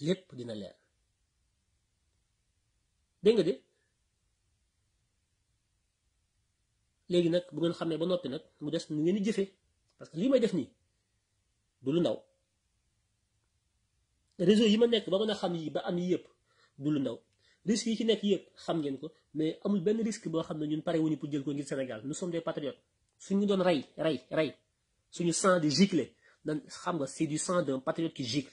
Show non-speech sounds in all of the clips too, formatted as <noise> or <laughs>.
lépp dina leer dégg de léegi nag bu ngeen xamee ba mu des ngeen parce que lii may def nii du lu ndaw réseau yi ma nekk ba xam ba am yi du lu ndaw risque yi ci xam ngeen ko mais amul benn risque boo xam ne ñun pare wuñu pour jël ko ngir Sénégal nous sommes des patriotes suñu doon rey rey rey suñu sang di gicle nan xam nga c'est du sang d'un patriote qui gicle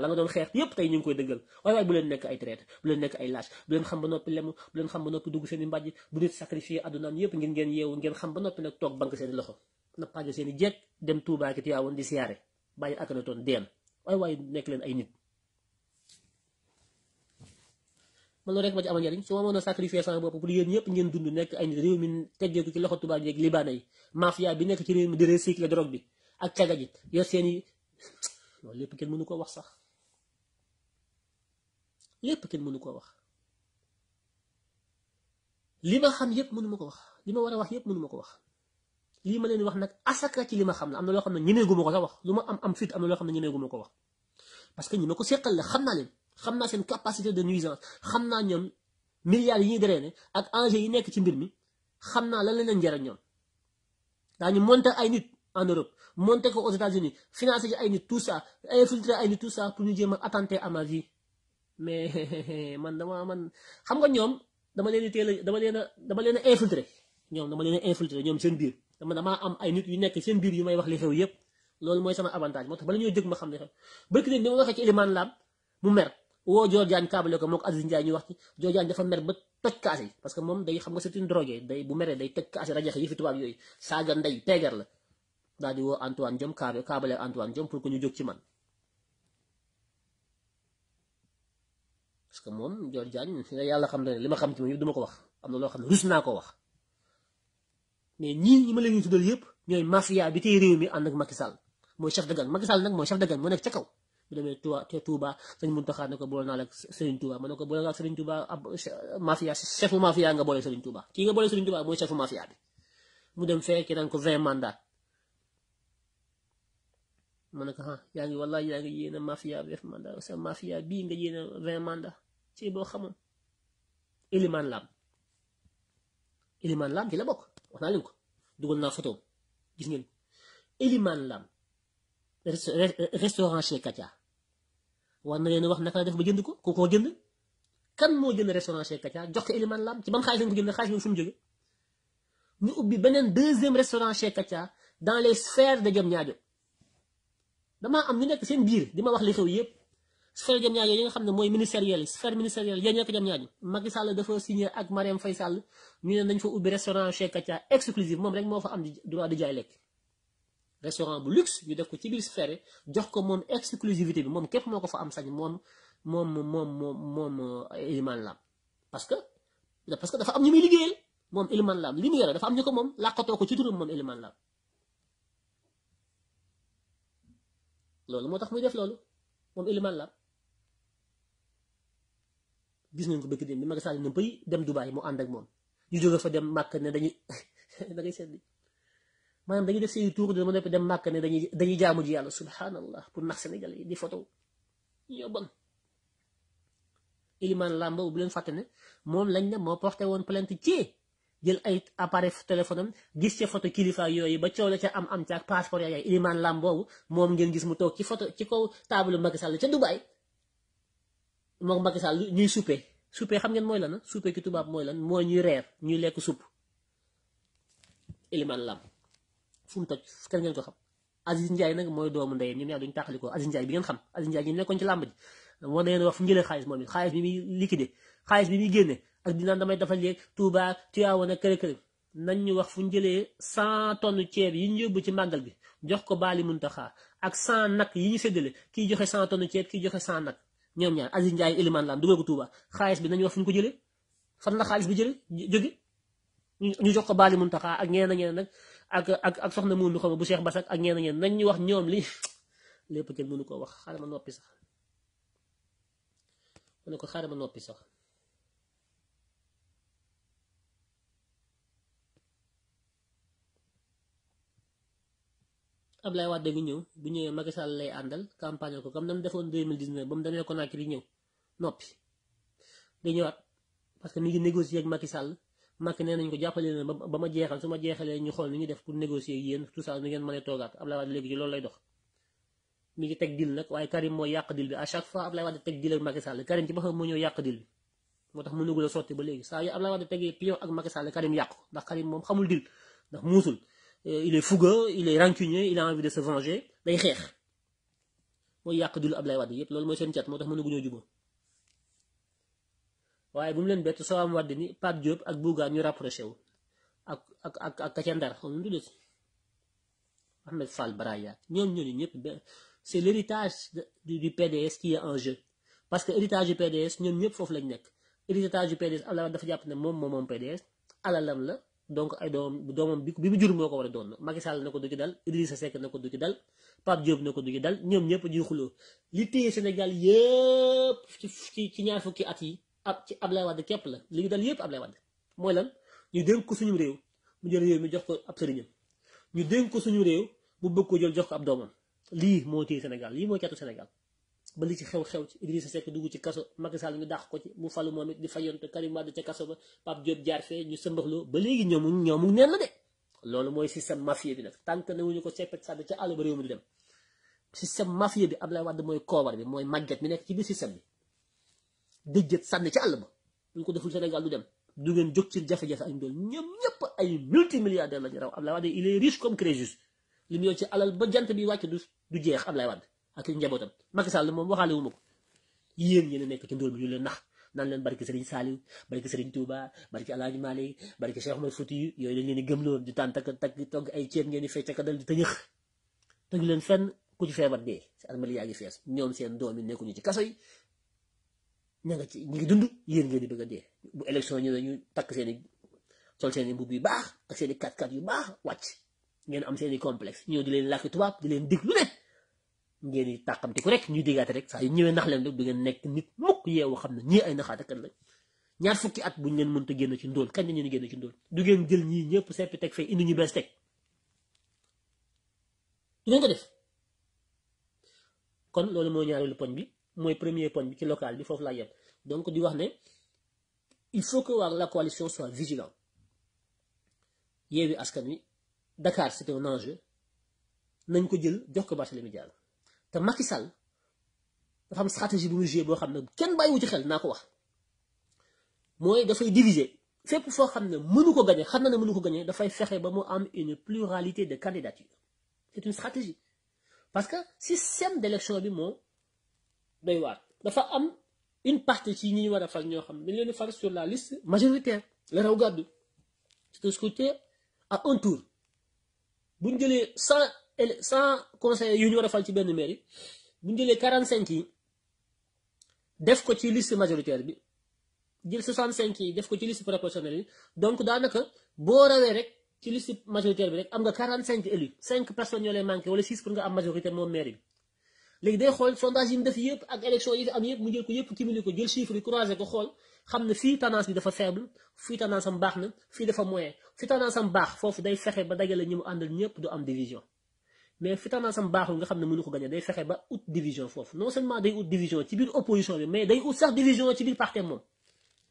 la nga doon xex yépp tay ñu ngi koy dëggal way way bu len nek ay traite bu len nek ay lâche bu len xam ba nopi lem bu len xam ba nopi dugg seen i bu nit sacrifier addunaam yépp ngeen ngeen ngeen xam ba nopi nak tok bank seen loxo na pàgg seen jek dem Touba ki tiawon di ak na ton den way way nek len ay nit lo rek ma ci amal njariñ su ma mën sacrifier sama bop bu yéen ñëpp ngeen dund nek ay nit min mi ko ci loxo Touba jek libanay mafia bi nek ci rew mi di recycler drogue bi ak tagaji yo seen kenn mënu ko wax sax yépp kenn mënu ko wax li ma xam yépp mënu ma ko wax li ma war a wax yépp mënu ma ko wax lii ma leen wax nag asaka ci li ma xam la am na loo xam ne ñemeegu ma ko sax wax lu ma am am fit am na loo xam ne ñemeegu ma ko wax parce que ñi ma ko seqal la xam naa leen xam naa seen capacité de nuisance xam naa ñoom milliards yi ñuy drainer ak enjeu yi nekk ci mbir mi xam naa lan la leen njëriñ ñoom daañu monter ay nit en Europe monter ko aux États-Unis financer ay nit tout ça infiltrer ay nit tout ça pour ñu jéem a attenter à ma vie mais <laughs> man damaa man xam nga ñoom dama leen di teel a dama leen a dama leen a infiltré ñoom dama leen a ñoom seen biir dama damaa am ay nit yu nekk seen biir yu may wax li xew yëpp loolu mooy sama avantage moo tax bala ñoo jóg ma xam ne xew bëkk leen bi ma waxee ci Elimane Lam mu mer woo Dior Diagne kaabale ko ñu wax ci Dior Diagne dafa mer ba toj que moom day xam nga c'est une drogué day bu meree day toj kaas yi rajaxe yëfi tubaab yooyu saaga ndey peegar la daal di woo Antoine Diome kaabale Antoine Diome pour que ñu jóg ci man parce que mom jor Diagne si nga yalla xam na li ma xam ci mom yëpp duma ko wax amna lo xam rus ko wax mais ñi ñi ma leen ñu tuddal yëpp ñoy mafia bi tey réew mi and ak Macky Sall moy chef de gang Macky Sall nak moy chef de gang mo nek ci kaw bu demee Touba te Touba sëñ Mountakha ne ko boole la ak Serigne Touba ma ko ak Serigne Touba mafia chefu mafia nga boole Serigne Touba ki nga boole Serigne Touba moy chefu mafia bi mu dem fee ki naan ko 20 mandat mu ne ko ah yaa ngi wallaay yaa ngi yéene mafia bi def mandat sa mafia bii nga yéene vingt mandat ci boo xamoon Eliman Lam Eliman Lam ci la bokk wax naa leen ko dugal naa photo gis ngeen Eliman Lam restaurant chez Katia war na leen wax naka la def ba jënd ko ku ko jënd kan moo jënd restaurant chez Katia jox Eliman Lam ci ban xaalis lañ ko jënd xaalis fu mu jóge ñu ubbi beneen deuxième restaurant chez Katia dans les sphères de Diamniadio damaa am ñu nekk seen biir di ma wax li xew yëpp sphère Diamniadio yi nga xam ne mooy ministériel yi sphère ministériel yi nekk Diamniadio Macky Sall dafa signé ak Marième Faye Sall ñu ne nañ fa ubbi restaurant Chez Katia exclusive moom rek moo fa am droit di bu luxe ñu def ko ci biir jox ko moom exclusivité bi moom képp moo ko fa am sañ moom moom moom moom moom Elimane euh, Lam parce que parce que dafa am ñu muy liggéeyal moom Elimane Lam li mu yore dafa am ñu ko moom làqatoo ko ci turam moom Elimane Lam loolu moo tax muy def loolu moom ilimaan la gis nañ ko bëgg dem ni Macky Sall ñoom bay dem Dubaay mu ànd ak moom ñu jóge fa dem màkk ne dañuy <laughs> da ngay seetlu maanaam dañuy def seen de ma dañuy dañuy jaamu ji yàlla subhanallah pour nax Sénégal yi di photo ñoo bon ilimaan làmba bu leen fàtte ne moom lañ ne moo porté woon plainte ci jël ay appareil téléphone gis ca photo kilifa yooyu ba coow la ca am am ca ak passeport yaay ilimaan lam boobu moom ngeen gis mu toog ci photo ci kaw taabalu Macky Sall ca Dubaay moom Macky Sall ñuy souper souper xam ngeen mooy lan souper ci tubaab mooy lan mooy ñuy reer ñuy lekk supp ilimaan lam fu mu toj kenn ngeen ko xam Aziz Ndiaye nag mooy doomu ndey ñoom ñaar duñu tàqalikoo Aziz Ndiaye bi ngeen xam Aziz Ndiaye ñu nekkoon ci làmb ji war na wax fu mu xaalis moom it xaalis bi muy liquidé xaalis bi muy génne ak dinaan damay defal léeg Touba Tiwaawan ak kër kër nañ ñu wax fu ñu jëlee cent tonnes ceeb yi ñu yóbbu ci màggal bi jox ko mun taxaa ak san nag yi ñu séddale kii joxe cent tonnes ceeb kii joxe cent nag ñoom ñaar Aziz Ndiaye Eliman Lam dugal ko Touba xaalis bi nañu wax fu ñu ko jëlee fan la xaalis bi jëlee jóge ñu jox ko Baali Muntaxa ak ñeneen ñeneen nag ak ak ak soxna Moundou xam bu Cheikh Basak ak ñeneen ñeneen nañ ñu wax ñoom li <coughs> lépp kenn mënu koo wax xaaral ma noppi sax ma ne ko xaaral ma noppi sax. Ablaye Wade bi ñëw bu ñëwee Macky Sall lay àndal campagne ko comme na mu defoon 2019 ba mu demee Conakry ñëw noppi day waat parce que mi ngi négocier ak Macky Sall Macky nee nañ ko jàppale leen ba ma jeexal su ma jeexalee ñu xool ni ñu def pour négocier ak yéen tout ça nu a toogaat loolu lay dox. ngi teg dil nag waaye Karim yàq dil fois Ablaye Wade teg dil ak Macky Sall Karim ci boppam moo ñëw yàq dil bi moo tax mënugul a sotti ba léegi saa yu Ablaye Wade tegee pion ak Macky Sall Karim yàqu ndax Karim moom xamul dil ndax muusul Euh, il est fougueux il est rancunier il a envie de se venger day xeex mooy yàq dul Ablaye Wade yépp loolu mooy seen cat moo tax mënaguñoo jubóo waaye bu mu leen bett soo am Wade ni Pape Diop ak Bouga ñu rapproché wu ak ak ak ak Katia Ndar xam nga tuddati Ahmed Fall Braya ñoom ñooñu ñëpp c'est l'héritage du PDS qui est en jeu parce que héritage du PDS ñoom ñëpp foofu lañ nekk héritage du PDS Allah, Wade dafa jàpp ne mon, moom moom PDS alalam la. donc ay doomam doomam bi bi mu jur moo ko war a doon Macky Sall na ko du ci dal Idrissa sekk na ko du ci dal Pape Diop na ko du ci dal ñoom ñëpp ñuy xuloo li téye Sénégal yëpp ci ci ñaar fukki at yi ab ci Ablaye Wade képp la li ñu dal yëpp Ablaye Wade mooy lan ñu dénk ko suñu réew mu jël réew mi jox ko ab sëriñam ñu dénk ko suñu réew mu bëgg ko jël jox ko ab doomam lii moo téye Sénégal lii mooy catu Sénégal ba li ci xew xew ci Idrissa Seck dugg ci kasso Macky Sall ñu dàq ko ci mu falu momit di fayonte Karim Wade ci kasso ba pap job jaar fe ñu lo ba léegi ñom ñom neen la de lolu moy système mafia bi nak tank na wuñu ko seppet sàdd ca àll ba réew mi di dem système mafia bi Abdoulaye Wade moy koobar bi moy magget mi nek ci bi système bi dejjet sànni ci alu ba buñ ko deful Sénégal du dem du ngeen jóg ci jafé jafé ak ndol ñom ñëpp ay multimilliardaires lañu raw Abdoulaye Wade il est riche comme Crésus li mu ci alal ba jant bi wacc du du jeex Abdoulaye Wade ak njabootam Macky Sall mom waxale wu ma ko yéen yéen ci ndol bi ñu leen nax nah, nan leen barki Serigne Saliw barki Serigne Touba barki El Hadj Malick barki Cheikh Oumar Fouti yoy dañ leen di gemlo di tànn tak takk tok eh, ay ceeb ngeen di fecc ak dal di tëñëx tëj leen fenn ku ci febar de ci armali yaagi fess fees ñoom seen doomi neeku ñu ci kasso yi ña nga ci ñi ngi dund yeen ngeen di bëgg de bu election ñu dañu tak seen sol seen bu mbubb baax ak seen 4 4 yu baax wacc ngeen am seen complexe ñoo di leen làkki tubaab di leen dig lu nekk ngeen di ko rek ñu déggaate rek saa yu ñëwee nax leen rek du ngeen nekk nit mukk yeewu xam ne ñii ay naxaatekat lañ ñaar fukki at buñ leen mënta génn ci ndóol kañ la ñu génn ci ndóol du ngeen jël ñii ñëpp seppi teg fay indi ñu bees teg du ngeen ko def kon loolu mooy ñaareelu poñ bi mooy premier poñ bi ci local bi foofu laa yem donc di wax ne il faut que waa la coalition soit vigilant Yewwi Askan Wi Dakar c'est un enjeu nañ ko jël jox ko Barthélémy Dias te Macky Sall dafa am stratégie bu mu joué boo xam kenn bàyyiwu ci xel nako wax moy da fay diviser fépp foo xam ne mënu ko gagner xamna na ne mënu ko gagné dafay fexe ba mu am une pluralité de candidature c'est une stratégie parce que système d'élection bi mo doy waar dafa am une partie ci ñi wara fal ñoo xam ne dañ leen di fal sur la liste majoritaire le raw gàddu c'est un scrutin à un tour buñ ñu 100 cent conseillers yu ñu y a mairie quarante def ko ci liste majoritaire bi def ko ci liste donc daanaka bo rawee rek ci liste majoritaire bi rek am nga 45 élus 5 personnes wala pour majorité day sondage yi ak élection yi am mu jël ko ko jël chiffre tendance bi faible fi tendance am baax na dafa moyen tendance baax fofu day ba division mais fitanaasam baxul nga xam mënu ko gagner day fexé ba out division fofu non seulement day out division ci bir opposition bi mais day out sax division ci bir parti mom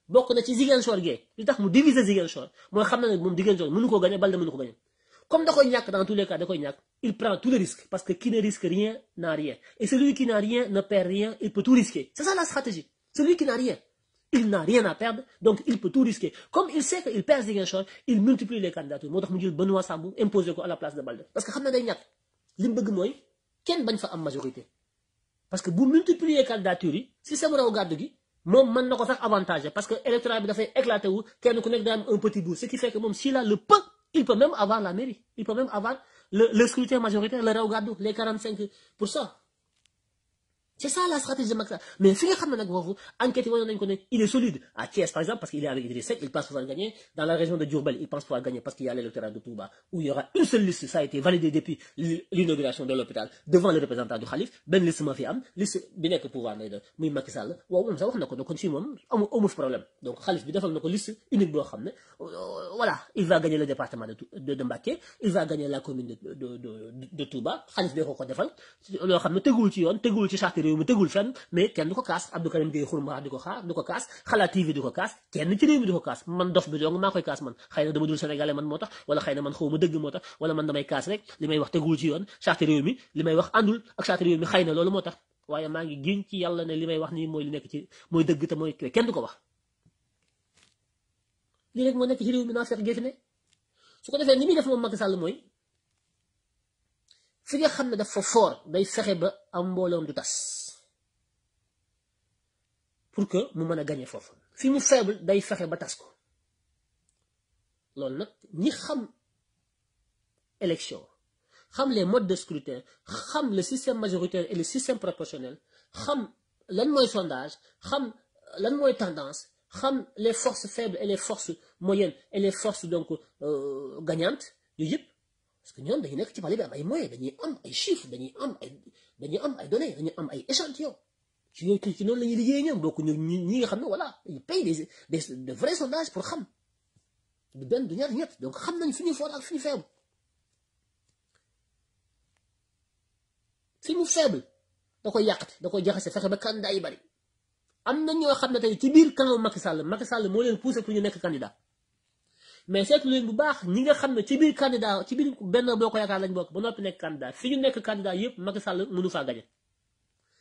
bok na ci Ziguinchor gee li tax mu diviser zigen mooy xam na ne digen Ziguinchor mënu ko gañe Balde mënu ko gagner comme da koy ñak dans tous les cas da koy ñak il prend tous les risques parce que qui ne risque rien n'a rien et celui qui n'a rien ne perd rien il peut tout risquer c'est ça la stratégie celui qui n'a rien il n'a rien à perdre, donc il peut tout risquer. Comme il sait qu'il perd Ziguinchor, il multiplie les candidatures. Benoît Sambou impose à la place de Balde. Parce que li mu ken mooy fa am majorité parce que vous multipliez les candidatures, si vous raw vous avez un avantage parce que l'électorat a fait éclater wu qu'elle nous un petit bout ce qui fait que s'il a le peu il peut même avoir la mairie il peut même avoir le scrutin majoritaire le regard les 45 pour c'est ça la stratégie de Maxa. Mais si enquêtez il est solide. À Thiès, par exemple, parce qu'il est avec Idriss il pense pouvoir gagner. Dans la région de Djurbel, il pense pouvoir gagner parce qu'il y a l'électorat de Touba, où il y aura une seule liste, ça a été validé depuis l'inauguration de l'hôpital, devant le représentant du Khalif, ben liste Mafiam, liste que pouvoir, mais Macky Sall, ou on s'en donc on problème. Donc Khalif, il a liste unique, euh, euh, voilà, il va gagner le département de, de, il va gagner la commune de, de, de, de Touba, Khalif, il va gagner le département de Touba, réew mi tegul fenn mais kenn du ko kaas Abdou Karim Gueye xurma di ko xaar du ko kaas xalaat TV di ko kaas kenn ci réew mi di ko kaas man dof bi dong maa koy kaas man xëy na dama dul sénégalais man moo tax wala xëy na man xaw ma dëgg moo tax wala man damay kaas rek li may wax tegul ci yoon charte réew mi li may wax àndul ak charte réew mi xëy na loolu moo tax waaye maa ngi génn ci yàlla ne li may wax nii mooy li nekk ci mooy dëgg te mooy kenn du ko wax lii rek moo nekk ci réew mi naa fekk géefi ne su ko defee ni muy def moom Macky Sall mooy fi nga xam ne dafa foor day fexe ba am mbooloom du tas pour que mu gagnions a Si nous fi mu faible day faire ba tas ko loolu nak ñi xam élection xam les modes de scrutin xam le système majoritaire et le système proportionnel xam lan moy sondage xam lan tendance xam les forces faibles et les forces moyennes et les forces donc euh, gagnantes yep parce que nous, dañu nek ci palais ay moyens dañuy am ay chiffres dañuy am ay ay données dañuy am ay échantillons ci yooyu ci non la ñuy liggéey ñoom donc ñu ñi nga xam ne voilà ils payent des des de vrais sondages pour xam du benn du ñaar ñett donc xam nañ suñu ñu fort ak suñu ñu faible fi mu faible da koy yàqate da koy jaxase fexé ba candidat yi bari am na ñoo xam ne tey ci biir kanamu Macky Sall Macky Sall mo leen pousser pour ñu nekk candidat mais seetu leen bu baax ñi nga xam ci biir candidat ci biir benn boo ko yaakaar lañ bokk ba noppi nekk candidat fi ñu nekk candidat yépp Macky Sall mënu fa gañe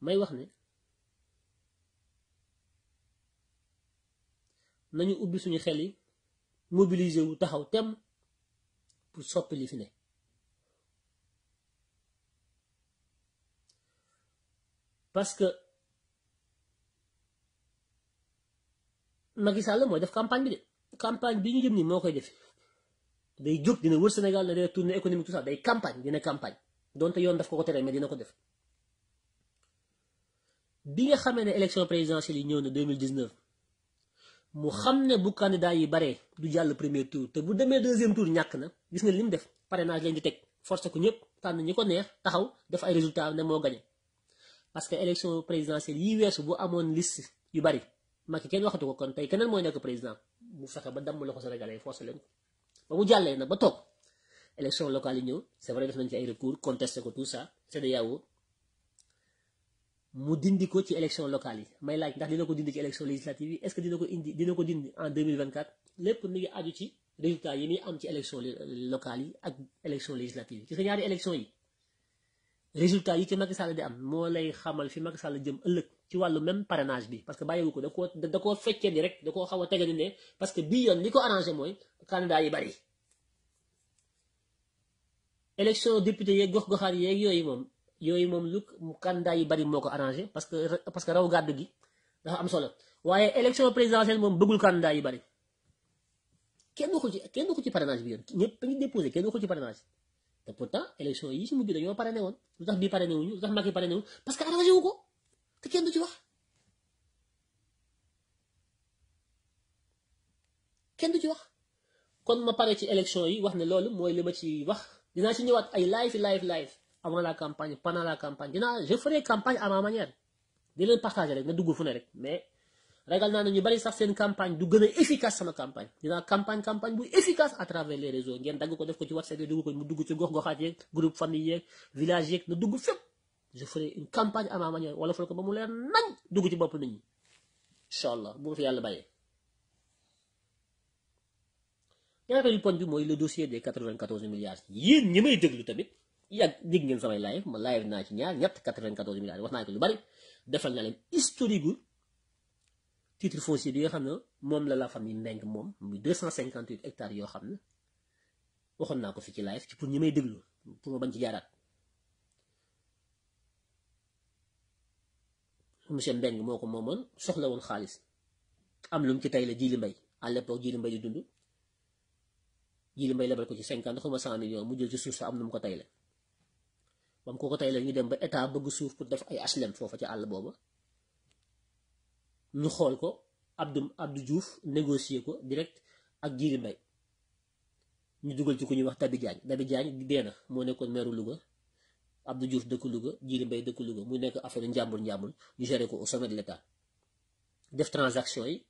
may wax ni nañu ubbi suñu xel yi mobiliser wu taxaw tem pour soppi li fi ne parce que Macky Sall mooy def campagne bi de campagne bi ñu jëm nii moo koy def day jóg dina wër Sénégal na day tournée économique tout ça day campagne dina campagne donte yoon daf ko ko tere mais dina ko def bi nga xamee ne élection présidentielle yi ñëw na 2019 mu xamné bu candidat yi bare du jall premier tour té bu demee deuxième tour ñak na gis nga li def parrainage lañ di teg forcé ko ñëpp tan ñi ko neex taxaw def ay résultats né mo gagné parce que élection présidentielle yi wessu bu amone liste yu bari Macky kenn waxatu ko kon tay keneen mooy nekk président mu fexe ba damm loxo Sénégalais forcé leen ba mu jallé nag ba toog élection locale yi ñëw c'est vrai def nañ ci ay recours contester ko tout ça c'est CEDEAO mu dindi ko ci élection locale yi may laaj ndax dina ko dindi ci élection législative yi est-ce que dina ko indi dina ko dindi en 2024 lépp mi ngi aju ci résultat yi muy am ci élection locale yi ak élection législative yi gis nga ñaari élection yi résultat yi ci Macky Sall di am moo lay xamal fi Macky Sall jëm ëllëg ci wàllu même parrainage bi parce que bàyyiwu ko da koo da koo fekkee ni rek da koo xaw a tege ni ne parce que bii yoon li ko arrangé mooy candidat yi bari élection député yeeg gox-goxaan yeeg yooyu moom il y luk des yu bari ont été parce que parce que raw gaddu gi dafa am solo waye élection présidentielle mom beugul candidat yu bari kenn ko ci kenn ko ci parrainage bi yoon ñëpp dañu déposé kenn ci parrainage te pourtant élection yi mu mujj dañoo parrainé won lu tax bii parrainé wuñu lu tax Macky parrainé wuñu parce que arranger wu ko te kenn du ci wax kenn du ci wax kon ma paré ci élection yi wax né loolu moy li ma ci wax dina ci ñëwaat ay live live live avant la campagne pendant la campagne dinaa je ferai campagne à ma manière de le partager avec na dugg fu rek mais ragal naa ne ñu bari sax seen campagne du gën a efficace campagne dinaa campagne campagne bu efficace à travers les réseaux ngeen dagg ko def ko ci WhatsApp yi dugg ko mu dugg ci gox-goxaat groupe famille yeeg village yeeg na je ferai une campagne à ma manière wala fal ko ba mu leer nañ dugg ci bopp nit ñi incha allah bu ma fi yàlla bàyyee. ñaareelu poñ bi mooy le dossier des 94 milliards yéen ñi may déglu tamit. yàgg dégg ngeen samay live ma live naa ci ñaar ñett 94 milliards wax naa ko lu bari defal naa leen historique gu foncier bi nga xam ne moom la la famille Mbengue moom muy 258 hectares yoo xam ne waxoon naa ko fi ci live pour ñi may déglu pour ma bañ ci jaaraat monsieur Mbengue moo ko moomoon soxla woon xaalis am lu mu ci tey la Djily Mbaye à l'époque Djily Mbaye dund Djily Mbaye lebal ko ci 50 xuma 100 millions mu jël ci suuf sa am nu mu ko tey la bam ko ko tey la dem ba état bëgg suuf pour def ay HLM foofa ci àll booba ñu xool ko Abdou juuf Diouf négocier ko direct ak Djily Mbaye ñu dugal ci ko ñuy wax Dabi Diagne Dabi Diagne dee na moo nekkoon meeru Louga Abdou Diouf dëkk Louga Djily mbay dëkk Louga mu nekk affaire njàmbur njàmbur ñu géré ko au sommet de l'État def transaction yi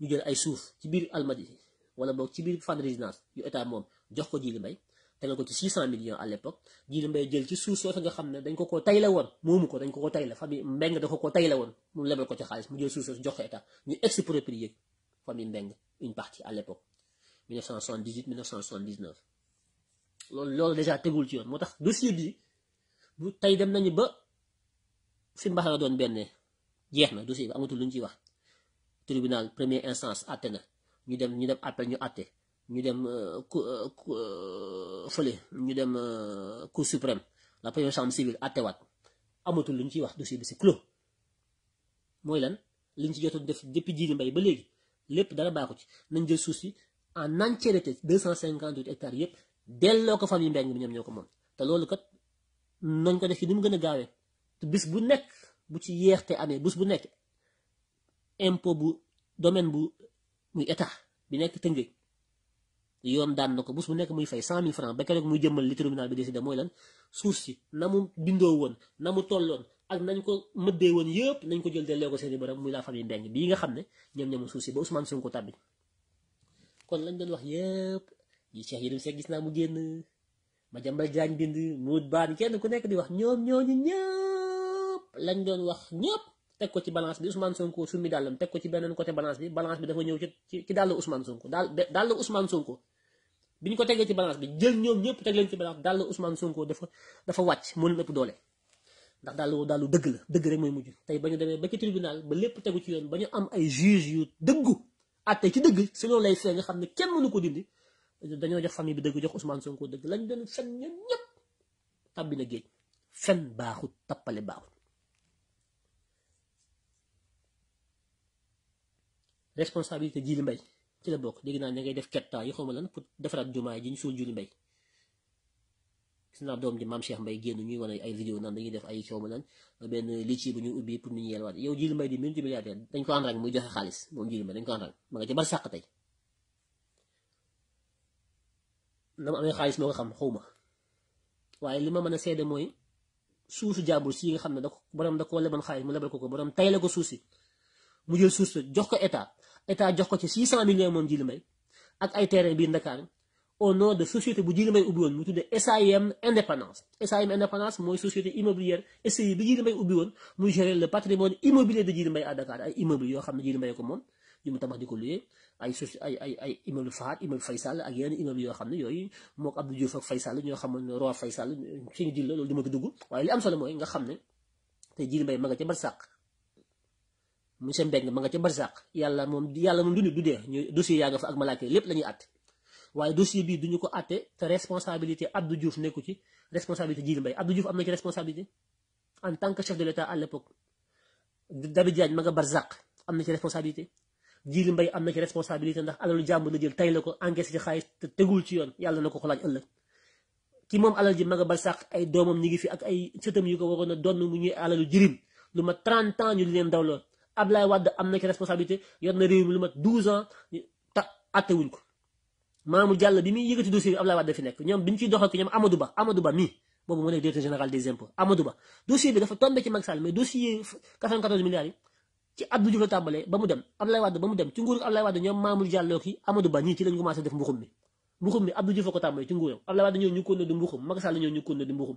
ñu jël ay suuf ci biir Almadies wala boog ci biir fan résidence yu état moom jox ko Djily Mbaye Elle ko ci 600 millions à l'époque Djily Mbaye jël ci suuf soosu nga xam dañ ko ko tayle won momu ko dañ ko ko tayle famille mbeng da ko ko tayle won mu lebal ko ci xaalis mu jël suuf soosu jox état ñu exproprié famille mbeng une partie à l'époque 1978 1979 lool lool déjà tégul ci yoon motax dossier bi bu tay dem nañu ba fi mbax la doon benn jeex na dossier bi amatul lu ñu wax tribunal première instance àtte ñu dem ñu dem appel ñu atté ñu dem euh, euh, euh, fële ñu dem cour suprême la première chambre civile attewaat amatul lu ñu ciy wax dossier bi c'est clos mooy lan li ñu ci jotoon def depuis jiiri mbay ba léegi lépp dara ko ci nañ jël suuf si en deux entièreté 258 hectares yëpp delloo ko famille Mbengue bi ñoom ñoo ko moom te loolu kat nañ ko def ci ni mu gën a gaawee te bis bu nekk bu ci yeexte amee bis bu nekk impôt bu domaine bu muy état bi nekk Tëngéej yoon daan na ko bés mu nekk muy fay 100000 francs ba keroog muy jëmmal li tribunal bi décidé moy lan suuf si na mu bindoo woon na mu tolloon ak nañ ko mëddee woon yëpp nañ ko jël delloo ko seeni borom muy la famille Mbengue bii nga xam ne ñoom ñoom suuf si ba Ousmane Sonko tàbbi kon lañ doon wax yëpp yi Cheikh Yérim Seck gis naa mu génn ma jàmbal jaañ bind muut baan kenn ku nekk di wax ñoom ñu ñëpp lañ doon wax ñëpp tek ko ci balance bi Ousmane Sonko summi dàllam tek ko ci beneen côté balance bi balance bi dafa ñëw ci ci dàll Ousmane Sonko dàll dàll Ousmane Sonko bi ñu ko tegee ci balance bi jël ñoom ñëpp teg leen ci balance dàll Ousmane Sonko dafa dafa wàcc moo leen ëpp doole ndax dàll woo dàllu dëgg la dëgg rek mooy mujj tey ba ñu demee ba ci tribunal ba lépp tegu ci yoon ba ñu am ay juge yu dëggu àtte ci dëgg selon lay fee nga xam ne kenn mënu ko dindi dañoo jox famille bi dëgg jox Ousmane Sonko dëgg lañ doon fen ñoom ñëpp tàbbi na géej fen baaxut tappale baaxut responsabilité ji li mbay ci la bokk dégg naa da ngay def kettaa yi xaw ma lan pour defaraat jumaa ji ñu suul julli gis naa doom ji maam Cheikh Mbay génn ñuy wane ay vidéo naan dañuy def ay xaw ma lan benn lici bu ñu ubbi pour nit ñi yelwaat yow julli mbay di minti milliardaire dañ ko àndrang muy joxe xaalis moom julli mbay dañ ko àndrang ma nga ci bar sàq xaalis moo xam xaw ma waaye li ma mën a seede mooy suusu jàmbur si yi nga xam ne da ko borom da ko lebal xaalis mu lebal ko ko borom tay la ko suuf si mu jël suuf sa jox ko état état jox ko ci 600 millions moom Djily Mbaye ak ay terrain biir Ndakaaru au nom de société bu Djily Mbaye ubbi woon mu tudde SAIM Indépendance SAIM Indépendance mooy société immobilière SAI bi Djily Mbaye ubbi woon muy gérer le patrimoine immobilier de Djily Mbaye à Dakar ay immeuble yoo xam ne Djily Mbaye ko moom yu mu ko luyee ay soci ay ay ay immeuble xam ne yooyu mook Abdou Diouf ak Faysal ñoo xamoon ne roi Faysal suñu la loolu duma ko dugg waaye li am solo mooy nga xam ne tey Djily Mbaye ma nga ca barsàq monsieur Mbeng ma nga ca barsàq yàlla moom yàlla moom du du dee ñu dossier yaa nga fa ak malaaka lépp la ñuy àtte waaye dossier bii duñu ko àtte te responsabilité Abdou Diouf nekku ci responsabilité Djily Mbaye Abdou Diouf am na ci responsabilité en tant que chef de l'État à l'époque David Diagne ma nga barsàq am na ci responsabilité Djily Mbaye am na ci responsabilité ndax alalu jàmbur na jël tey la ko encaissé ci xaalis te tegul ci yoon yàlla na ko ko laaj ëllëg ki moom alal ji ma nga barsàq ay doomam ñi ngi fi ak ay sëtam yu ko waroon a donn mu ñuy alalu jirim lu ma 30 ans leen dawloo Ablaye Wade am na ci responsabilité yone rew mi lu mat 12 ans ta attewuñ ko Mamour Diallo bi muy yëkkati dossier bi Ablaye Wade fi nek ñom bi ci ciy doxal ko Amadou Ba Amadou Ba mii bobu mo nekk directeur général des impôts Amadou Ba dossier bi dafa tombé ci Macky Sall mais dossier 94 milliards ci Abdou Diouf la ba mu dem Ablaye Wade ba mu dem ci nguur Ablaye Wade ñom Mamour Diallo ki Amadou Ba ñii ci lañ commencé def mbuxum mi mbuxum mi Abdou Diouf ko tàmbalee ci nguur Ablaye Wade ñëw ñu ko na di mbuxum Macky Sall ñëw ñu ko na di mbuxum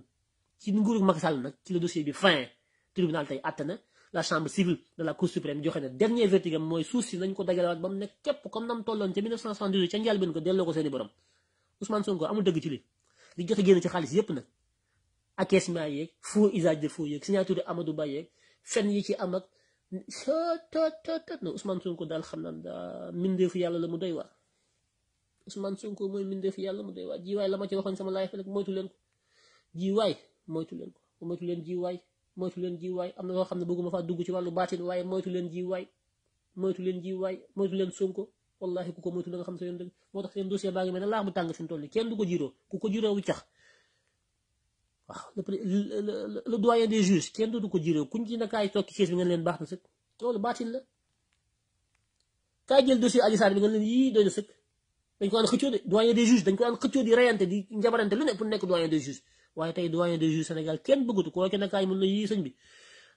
ci nguur Macky Sall nak ci le dossier bi fin tribunal tay àtte la chambre civile de la cour suprême joxe na dernier verdict mooy suuf nañ ko dajalewaat ba mu nekk képp comme nam tolloon ca 1978 ca njëlbéen ko delloo ko seeni borom Ousmane Sonko amul dëgg ci li li jot a génn nag accaissement yeeg faux usage de faux yeeg signature Amadou Ba yeeg fen yi ci am ak tëtëtëtët na Ousmane Sonko daal xam naa daa mbindeefu yàlla la mu doy waar Ousmane Sonko la ma ci waxoon sama laay rek moytu leen ko jiwaay moytu leen ko moytu leen jiwaay moytu leen jiw waay am na loo xam ne bëgguma faa dugg ci wàllu baatin waaye moytu leen jiw waay moytu leen jiw waay moytu leen sonko wallahi ku ko moytu la nga xam sa yoon dëgg moo ne laax bu tàng fi mu toll nii kenn du ko jiiroo ku ko jiiroo wu cax waaw le doyen des du ko jiiroo kuñ ci na kaay toog ci siis bi ngeen leen baax na sëkk loolu baatin la kaay jël dossier Adji Sarr bi ngeen leen yii doy na sëkk dañ ko daan xëccoo de doyen des juges dañ ko daan xëccoo di reyante di njabarante lu ne pour nekk doyen des juges waye tay doyen de juges Sénégal kenn bëggutu ko ci ne kaay mën na yii sëñ bi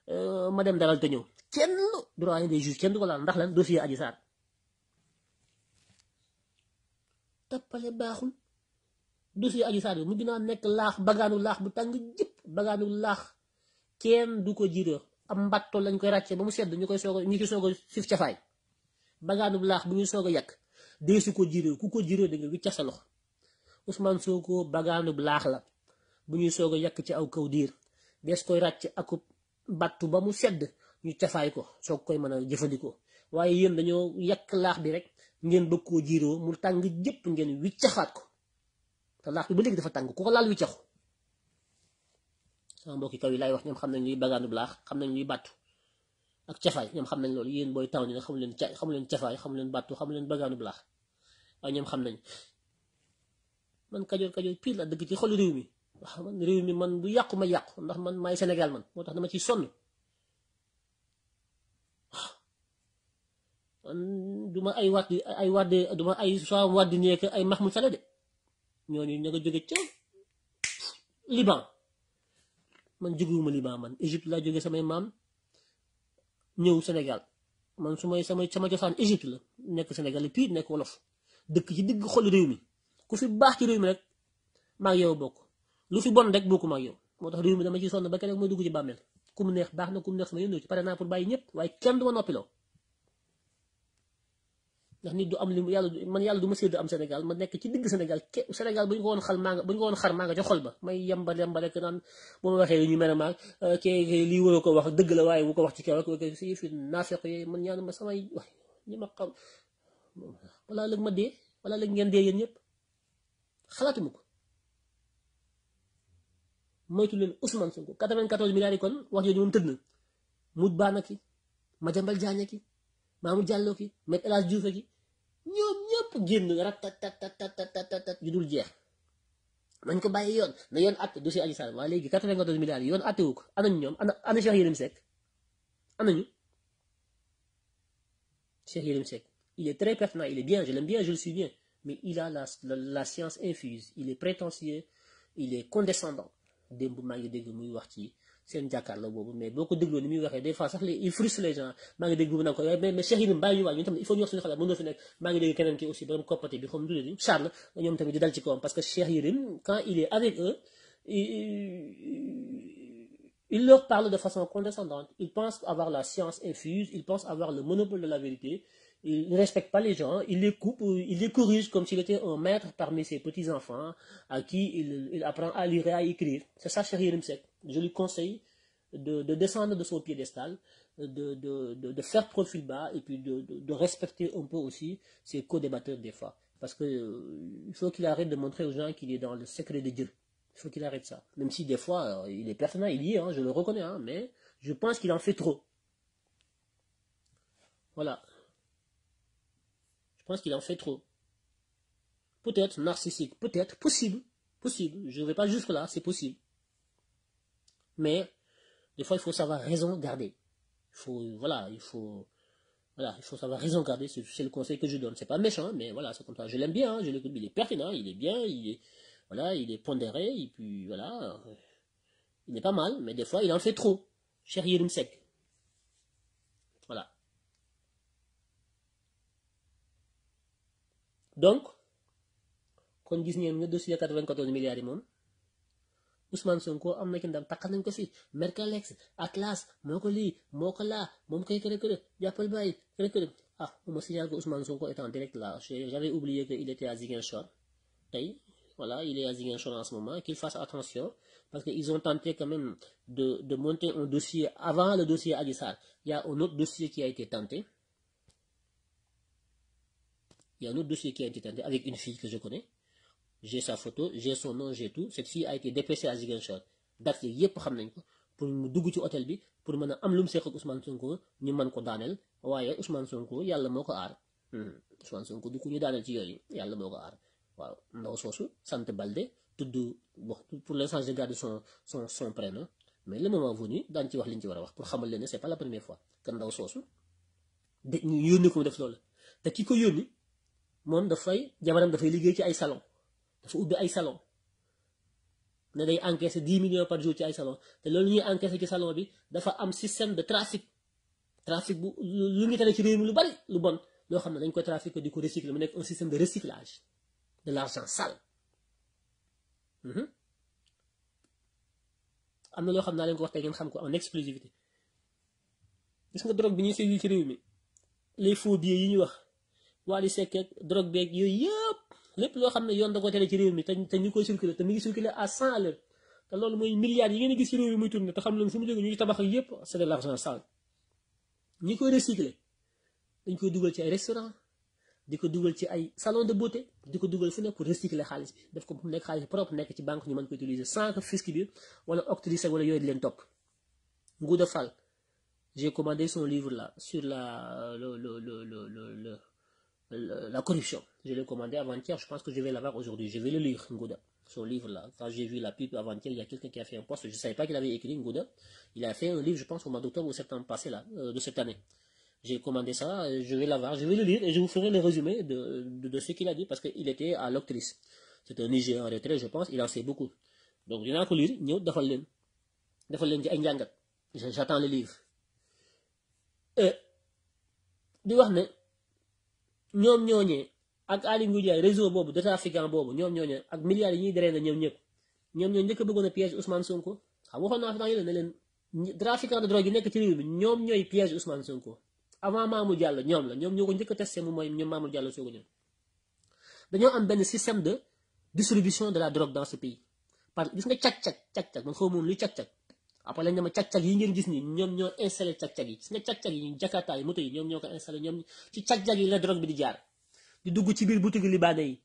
euh, ma dem dalal te ñew kenn doyen de juges kenn du ko laal ndax lan dossier Adji sar tapale baaxul dossier Adji sar mu dina nek laax bagaanu laax bu tang jëpp bagaanu laax kenn du ko jiiróo am mbatto lañ koy ràccee ba mu sedd ñukoy koy ñi ci soog a ci fay bagaanu laax bu ñu soog yak de dee su ko jiiróo ku ko jiiróo de nga wicca sa loxo Ousmane Sonko bagaanu laax la. bu ñuy soog a yàq ci aw kaw diir bees koy ràcc akub battu ba mu sedd ñu cafaay ko soog koy mën a jëfandikoo waaye yéen dañoo yàq laax bi rek ngeen bëgg koo jiiroo mu tàng jëpp ngeen wiccaxaat ko te laax bi ba léegi dafa tàng ku ko laal wiccaxu sama mbokki kaw yi laay wax ñoom xam nañ luy bagaanub laax xam nañ luy battu ak cafaay ñoom xam nañ loolu yéen booy taw ni nag leen ca xamu leen cafaay xamu leen battu xamu leen bagaanub laax waaye ñoom xam nañ man kajoor kajoor piir la ci xolu réew mi wax man réew mi man bu yàqu ma yàqu ndax man maay Sénégal man moo tax dama ciy sonn duma ah. man du ma ay wàdd ay wàdd du ma ay soo wàdd nekk ay Mahmoud Saleh de ñooñu ña nga jóge ca Liban man jógewuma Liban man Égypte laa jóge samay maam ñëw Sénégal man su may samay sama cosaan Égypte la nekk Sénégal et nekk wolof dëkk ci digg xol réew mi ku fi baax ci réew mi rek maa ngi yow bokk. lu fi bon rek bokkuma ak yow moo tax réew mi dama ci sonn ba keroog mooy dugg ci bàmmeel ku mu neex baax na ku mu neex sama yónni ndax nit du am li yàlla man yàlla du ma sédd am Sénégal ma nekk ci digg Sénégal ke bu ñu xal maa nga bu xar maa nga ca ba may yemba yemba rek naan bu ma waxee ñu mel maa euh, kee lii ko wax dëgg la waaye ko wax ci kaw rek si fi naafeq yooyu man ñaan ma samay wax ñi ma lëg ma dee wala lëg ngeen dee yéen ñëpp xalaatuma ko moytu leen Ousmane Sonko 94 milliards kon wax jooju moom tëdd na mut baana ma jambal Diagne ki mamou Diallo ki Me El Hadji Diouf ki ñoom ñëpp génn ratatatatatatatat yu dul jeex nañ ko bàyyi yoon na yoon àtte dossier Adji sall waaye léegi 94 milliards yi yoon àtte wu ko anañ ñoom ana ana Cheikh Yérim Seck anañu Cheikh Yérim sek il est très pertinent il est bien je l'aime bien je le suis bien mais il a la la science infuse il est prétentieux il est condescendant dembu maa ngi dégg muy wax ci seen jàkkaarloo boobu mais boo ko dégloo ni muy waxee des fois sax les il frustre les gens maa ngi dégg bu ko mais mais Cheikh Yérim bàyyi ñu waay ñun tamit il faut ñu wax suñu xalaat mënoo fi nekk maa ngi dégg keneen ki aussi borom koppati bi xam dudedi Charles ñoom tamit di dal ci kawam parce que Cheikh Yérim quand il est avec eux il leur parle de façon condescendante il pense avoir la science infuse il pense avoir le monopole de la vérité il ne respecte pas les gens, il les coupe, il les corrige comme s'il était un maître parmi ses petits-enfants à qui il, apprend à lire et à écrire. C'est ça, chéri Rimsek. Je lui conseille de, descendre de son piédestal, de, de, de faire profil bas et puis de, respecter un peu aussi ses co-débatteurs des fois. Parce qu'il euh, il faut qu'il arrête de montrer aux gens qu'il est dans le secret de Dieu. Il faut qu'il arrête ça. Même si des fois, euh, il est pertinent, il y est, hein, je le reconnais, hein, mais je pense qu'il en fait trop. Voilà pense qu'il en fait trop. Peut-être narcissique, peut-être possible, possible. Je ne vais pas jusque-là, c'est possible. Mais des fois, il faut savoir raison garder. Il faut, voilà, il faut, voilà, il faut savoir raison garder. C'est le conseil que je donne. C'est pas méchant, hein, mais voilà, c'est comme Je l'aime bien, hein. je l'écoute, il est pertinent, il est bien, il est, voilà, il est pondéré, et puis voilà, il n'est pas mal, mais des fois, il en fait trop. Cher Yerim sec donc kon gis ngeen dossier 94 milliards yi moom Ousmane Sonko am na ci ndam takkal nañ ko si Mercalex Atlas Mokoli, Mokola, moko la ko laa ah on me signale que Ousmane Sonko est en direct là j'avais oublié qu'il était à Ziguinchor voilà il est à Ziguinchor en ce moment qu'il fasse attention parce qu'ils ont tenté quand même de de monter un dossier avant le dossier Adji il y a un autre dossier qui a été tenté il y a un autre dossier qui a été tenté avec une fille que je connais. J'ai sa photo, j'ai son nom, j'ai tout. Cette fille a été dépêchée à Ziguinchor. date yi yëpp xam ko pour nous dugg ci hôtel bi pour mën a am lu mu ak Ousmane Sonko ñu mën ko Danel. waaye Ousmane Sonko yàlla moo ko aar hmm. Ousmane Sonko du ko ñu Danel, ci yooyu yàlla moo ko aar waaw ndaw soosu sant Balde tudd bon pour l'instant je garde son son son prénom mais le moment venu daan ci wax ci wax pour xamal leen c'est pas la première fois que ndaw soosu de ñu qui ko def loolu te ki ko moom dafay jabaram dafay liggéey ci ay salon dafa ubbi ay salon ne day encaisser dix millions par jour ci ay salon te loolu ñuy encaisser ci salon bi dafa am système de trafic trafic bu lu ngi tane ci réew mi lu bari lu bon loo xam ne dañ ko trafiquer di ko recycler mu nekk un système de recyclage de l'argent sale mhm. am na loo xam naa leen ko wax tey xam ko en exclusivité gis nga drogue bi ñuy séddale ci réew mi les faux billets yi ñu wax. wali Seck ak drogue beeg yooyu yëpp lépp loo xam ne yoon da ko télé ci réew mi té te ñu koy circuler té mi ngi circuler à 100 à l'heure te loolu mooy milliards yi ngeen gis ci réew yi muy tourner té xam leen fu mu ñu tabax ak yëpp c'est de l'argent sale ñi koy recycler dañ koy dugal ci ay restaurant diko ko ci ay salon de beauté diko ko dugal fu pour recycler xaliss bi def ko bu nek xaliss propre nek ci banque ñu man ko utiliser sans que fisc bi wala octroi wala yoy di len top topp Ngouda Fall j'ai commandé son livre là sur la le le le le le la corruption. Je l'ai commandé avant-hier, je pense que je vais l'avoir aujourd'hui. Je vais le lire, Ngouda, Ce livre-là. Quand j'ai vu la pub avant-hier, il y a quelqu'un qui a fait un poste. je ne savais pas qu'il avait écrit Ngouda. Il a fait un livre, je pense, au mois d'octobre ou septembre passé, là, euh, de cette année. J'ai commandé ça, euh, je vais l'avoir, je vais le lire et je vous ferai le résumé de, ce qu'il a dit parce qu'il était à l'octrice. C'est un Niger en retrait, je pense, il en sait beaucoup. Donc, je vais lire j'attends le livre Et, euh, ñoom ñooñee ak Aly Ngouille Ndiaye réseau boobu détrafiquant boobu ñoom ñooñee ak milliards yi ñuy drainer ñoom ñëpp ñoom ñoo njëkk a bëggoon a piège Ousmane xam waxoon naa fi daan yële ne leen trafiquant de drogue yi nekk ci réew mi ñoom ñooy piège Ousmane Sonko avant Mamour Diallo ñoom la ñoom ñoo ko njëkk a testé mu mooy ñoom Mamour Diallo soogu ñoom dañoo am benn système de distribution de la drogue dans ce pays parce que gis nga cag-cag cag-cag man xaw moon après lañ dama cag-cag yi ngeen gis ni ñoom ñoo installé cag-cag yi gis nga cag-cag yi jakarta yi moto yi ñoom ñoo ko installé ñoom ci cag-cag yi la drogue bi di jaar di dugg ci biir boutique libaane yi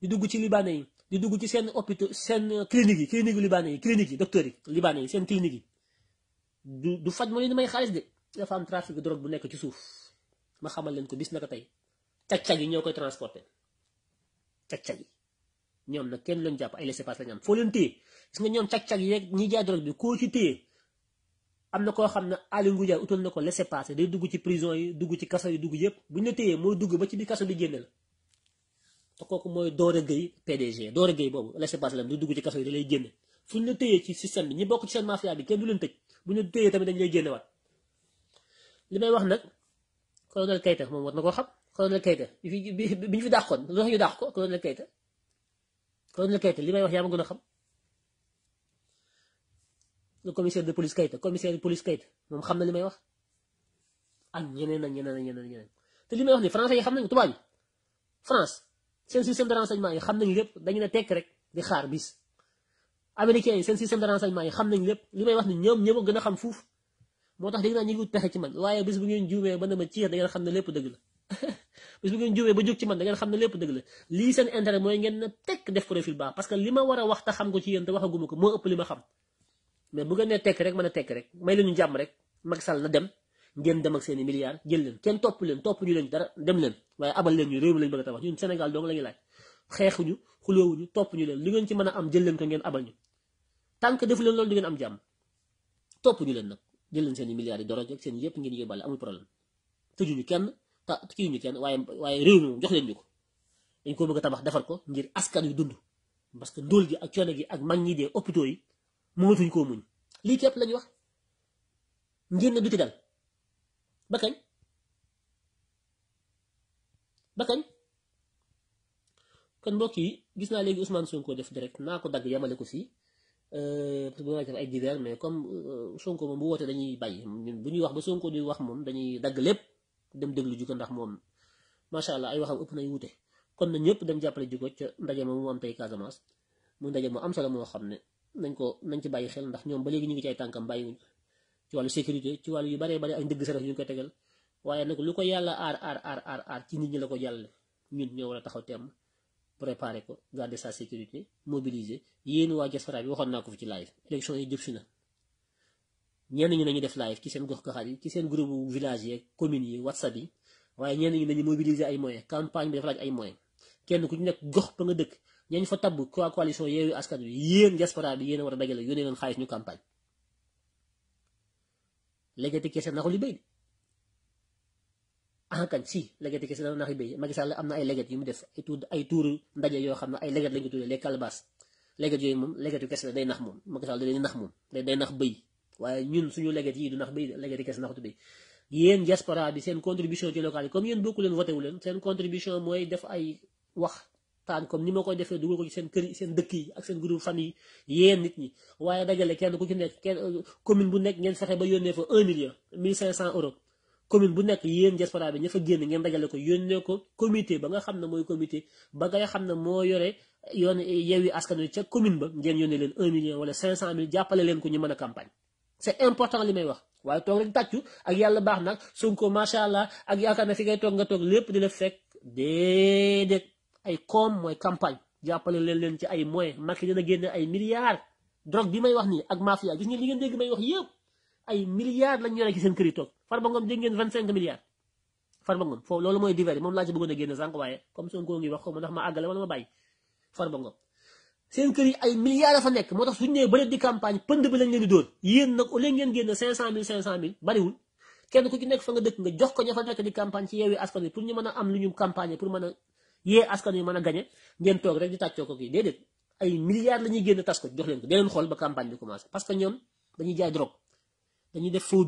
di dugg ci libaane yi di dugg ci seen hôpital seen euh, clinique yi clinique libaane yi clinique yi docteur yi libaane yi seen clinique yi du du faj moo leen may xaalis de dafa am trafic drogue bu nekk ci suuf ma xamal leen ko bis na ko tey cag-cag yi ñoo koy transporté cag yi ñoom nag kenn leen jàpp ay laissez-passer lañ am foo leen téye gis nga ñoom cag-cag yi rek ñi jaay drogue bi koo ci téye am na koo xam ne Aly Ngouille Ndiaye utal na ko laissez-passer day dugg ci prison yi dugg ci kaso yi dugg yëpp bu ñu la téyee mooy dugg ba ci biir kaso bi génne la te kooku mooy Doro Gueye PDG Doro Gueye boobu laissez-passer la du dugg ci kaso yi da lay génne fu ñu la téyee ci système bi ñi bokk ci seen mafia bi kenn du leen tëj bu ñu la téyee tamit dañ lay génne waat li may wax nag colonel Keita moom war na koo xam colonel Keita bi ñu fi dàqoon lu tax ñu dàq ko colonel Keita colonel Keita li may wax yaa ma gën a xam le commissaire de police Keita commissaire de police Keita moom xam na li may wax ak ñeneen ak ñeneen ak ñeneen ñeneen te li may wax ni français yi xam nañu tubaab yi France seen système de renseignement yi xam nañu lépp dañu ne tekk rek di xaar bis américains yi seen système de renseignement yi xam nañ lépp li may wax ni ñoom ñoo gën a xam fuuf moo tax dégg naa ñu ngi wut pexe ci man waaye bis bu ngeen juumee ba ne ma ciir da ngeen xam ne lépp dëgg la <laughs> bis bu ngeen juwe ba juk ci man da ngeen xam ne lépp dëgg la li seen intérêt moy ngeen tek def profil ba parce que lima wara wax ta xam ko ci yéen te waxaguma ko mo ëpp lima xam mais bu ngeen ne tek rek mën tek rek may lañu jam rek Macky sal na dem ngeen dem ak seen milliard jël leen kenn top leen top ñu leen dara dem leen waye abal leen ñu réew lañu bëgg ta wax ñun Sénégal dong la ñuy laaj xeexuñu xuloowuñu topp ñu leen li ngeen ci mëna am jël leen ko ngeen abal ñu tank def leen lool du ngeen am jam top ñu leen nak jël leen seen milliard yi doroog ak seen yépp ngeen yébal amul problème ñu kenn tak ñu kenn waaye waaye réew mi moom jox leen ñu ko dañ ko bëgg tabax ko ngir askan yu dund parce que ndóol gi ak coono gi ak mag ñi dee hôpitaux yi mënatuñ ko muñ li képp lañu wax ngir na dal ba kañ ba kañ kon mbokk yi gis naa léegi Ousmane Sonko def direct naa ko dagg yamale ko fii euh, bu ma def ay divers mais comme euh, Sonko moom bu wootee dañuy bàyyi bu ñuy wax ba Sonko di wax moom dañuy dagg lépp. dem déglu jikko ndax moom macha allah ay waxam ëpp nay wute kon na ñëpp dem jàppale jikko ca ndaje moom mu am tey Casamance mu ndaje mu am solo moo xam ne nañ ko nañ ci bàyyi xel ndax ñoom ba léegi ñu ngi ci ay tànkam bàyyiwuñ ci wàllu sécurité ci wàllu yu baree bari ak ndëgg sarax ñu ngi koy tegal waaye nag lu ko yàlla aar aar aar aar ci nit ñi la ko jàllale ñun ñoo war a taxaw temm préparer ko garder sa sécurité mobiliser yéen waa diaspora bi waxoon naa ko fi ci live élection yi jëf si na ñen ñi nañu def live ci seen gox ko yi ci seen groupe village yi commune yi whatsapp yi waye ñen ñi nañu mobiliser ay moyens campagne bi dafa laaj ay moyens kenn ku ci nek gox ba nga dëkk ñen fa tabbu ko coalition yeewu askan yi yeen diaspora bi yeen wara dajal a dajale yónnee leen xaalis ñu campagne légati kese naxu li béy ah kan ci legati kessé na naxu li béy Macky Sall am ay légat yu mu def ay tour ay tour ndaje yo xamna ay légat lañu ko les calebasses légat yoy mom légat yu kese day nax mom Macky Sall day nax mom day nax béy waaye ñun suñu leget yi du ndax bay legeti kes naxtu bi yéen diaspora bi seen contribution ci locale yi comme yéen bokku leen voté wu leen seen contribution mooy def ay ma koy defee dugal ko ci seen kër yi seen dëkk yi ak seen nit ñi waaye dajale kenn ku ci nekk kenn commune bu nekk ngeen fexe ba yónnee fa un million mille cinq cent euros commune bu nekk ngeen dajale ko yónnee ko comité ba nga xam ne mooy comité ba nga xam ne moo yore yoon yeewi askan wi ca commune ba ngeen yónnee leen un million wala cinq cent mille jàppale leen ko ñu mën a campagne c'est important li may wax waye tok rek tàccu ak yàlla baax nag sunko macha allah ak yaakaar ne fi ngay tok nga tok lepp dina fek fekk déedéet ay kom moy campagne jappale len len ci ay moy makki dina genn ay milliards drogue bi may wax ni ak mafia gis ngeen li ngeen deg may wax yëpp ay milliards lañu ñoree ci sen kër yi toog ba Ngom deg ngeen 25 milliards far ba Ngom fo lolu moy divers mom la ci bëggoon genn sank waye waaye comme Sonko ngi wax ko ma ndax ma àggale wala ma bay far ba Ngom seen kër yi ay milliards dafa nekk moo tax suñu nee bële di campagne pënd bi lañ leen di dóor yéen nag au lieu ngeen génn 500000 500000 bariwul kenn ku ci nekk fa nga dëkk nga jox ko ña fa nekk di campagne ci yeewi a ñu a ñuy génn tas ko jox leen ñoom dañuy jaay drogue dañuy def faux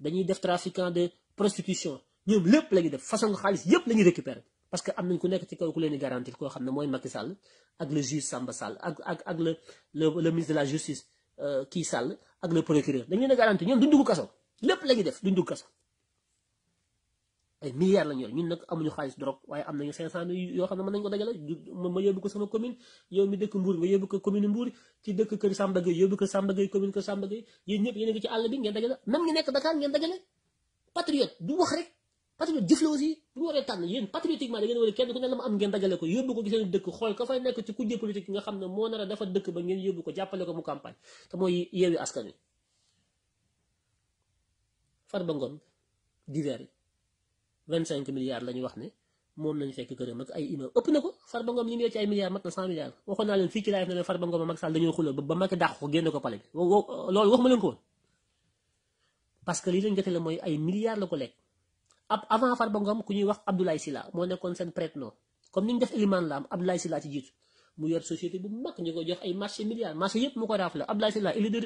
dañuy def trafiquant de prostitution ñoom lépp la def façon xaalis yépp la ñuy récupérer parce que am nañ ku nekk ci kaw ku leen di garantir koo xam ne mooy Macky Sall ak le juge Samba Sall ak ak ak le le ministre de la justice euh, kii Sall ak le procureur dañ leen a garantir ñoom duñ dugg kaso lépp la ñuy def duñ dugg kaso. ay milliards lañ yor ñun nag amuñu xaalis drogue waye amna ñu 500 yo xam ne mën nañu ma yóbbu ko sama commune yow mi dekk Mbour nga yóbbu ko commune Mbour ci dekk keur Samba gay yóbbu kër Samba gay commune ko Samba gay yeen ñëpp yeen nga ci àll bi ngeen dajale même ñi nekk Dakar ngeen dajale patriote du wax rek. patriote jëf la aussi bu ñu waree tànn yéen patriotiquement da ngeen war a kenn ku ne la mu am ngeen dajale ko yóbbu ko ci seen dëkk xool ka fay nekk ci kujje politique nga xam ne moo nar a dafa dëkk ba ngeen yóbbu ko jàppale ko mu campagne te mooy yeewi askan wi Farba Ngom yi 25 milliards la ñu wax ne moom lañu fekk këram ak ay immeuble ëpp na ko Farba Ngom li mu yor ci ay milliards mat na 100 milliards waxoon naa leen fii ci live na ko génn woon parce que lii lañ jotee la mooy ay milliards la ko lekk ab avant Farba Ngom ku ñuy wax Abdoulaye Sylla moo nekkoon sen prêtre no comme niñ ñu def Elimane Lam Abdoulaye sila ci jitu mu yor société bu mag ñu ko jox ay marché milliard marché yépp mu ko raaf la Abdoulaye Sylla il est de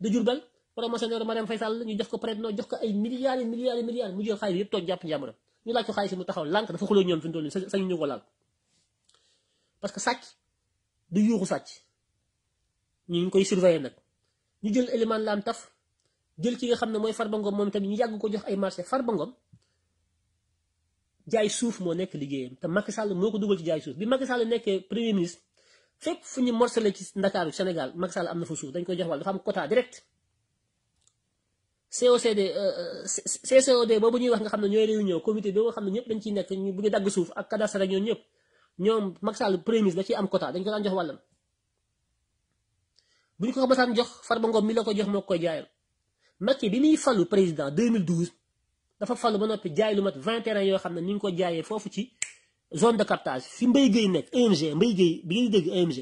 de Diourbel promotionnaire Marième Faye ñu jox ko prêtre no jox ko ay milliards yi milliards yi milliards mu jël xaalis yépp tok japp jamm ñu laaj ko ci mu taxaw lank dafa xulo ñoom fi ndol toll nii ñu ko laal parce que sacc du yuuxu sacc ñu ngi koy surveiller nak ñu jël Elimane Lam taf jël ki nga xamne moy farbangom mom tam ñu yàgg ko jox ay marché farbangom jaay souf mo nek liggéeyam te Macky Sall moko duggal ci jaay souf bi Macky Sall nekkee premier ministre fekk fuñu morcelé ci Ndakaaru Sénégal Macky Sall amna fa souf dañ koy jox wal dafa am quota direct COCD euh, euh, CCOD boobu ñuy wax nga xamna ñoy ñooy réunion comité bi nga xamna ñepp dañ ci nekk ñu bu ñu dagg suuf ak cadastre ak ñoom ñëpp ñoom Macky Sall premier ministre da ci am quota dañ ko daan jox walam buñ ko ko masaan jox Farba Ngom mi la ko jox mo koy jaayal Macky bi ni falu président 2012 dafa falu ba noppi jaay lu mat vingt terrain yoo xam ne ni ñu ko jaayee foofu ci zone de captage fi mbay Gueye nekk EMG mbay Gueye bi ngay dégg EMG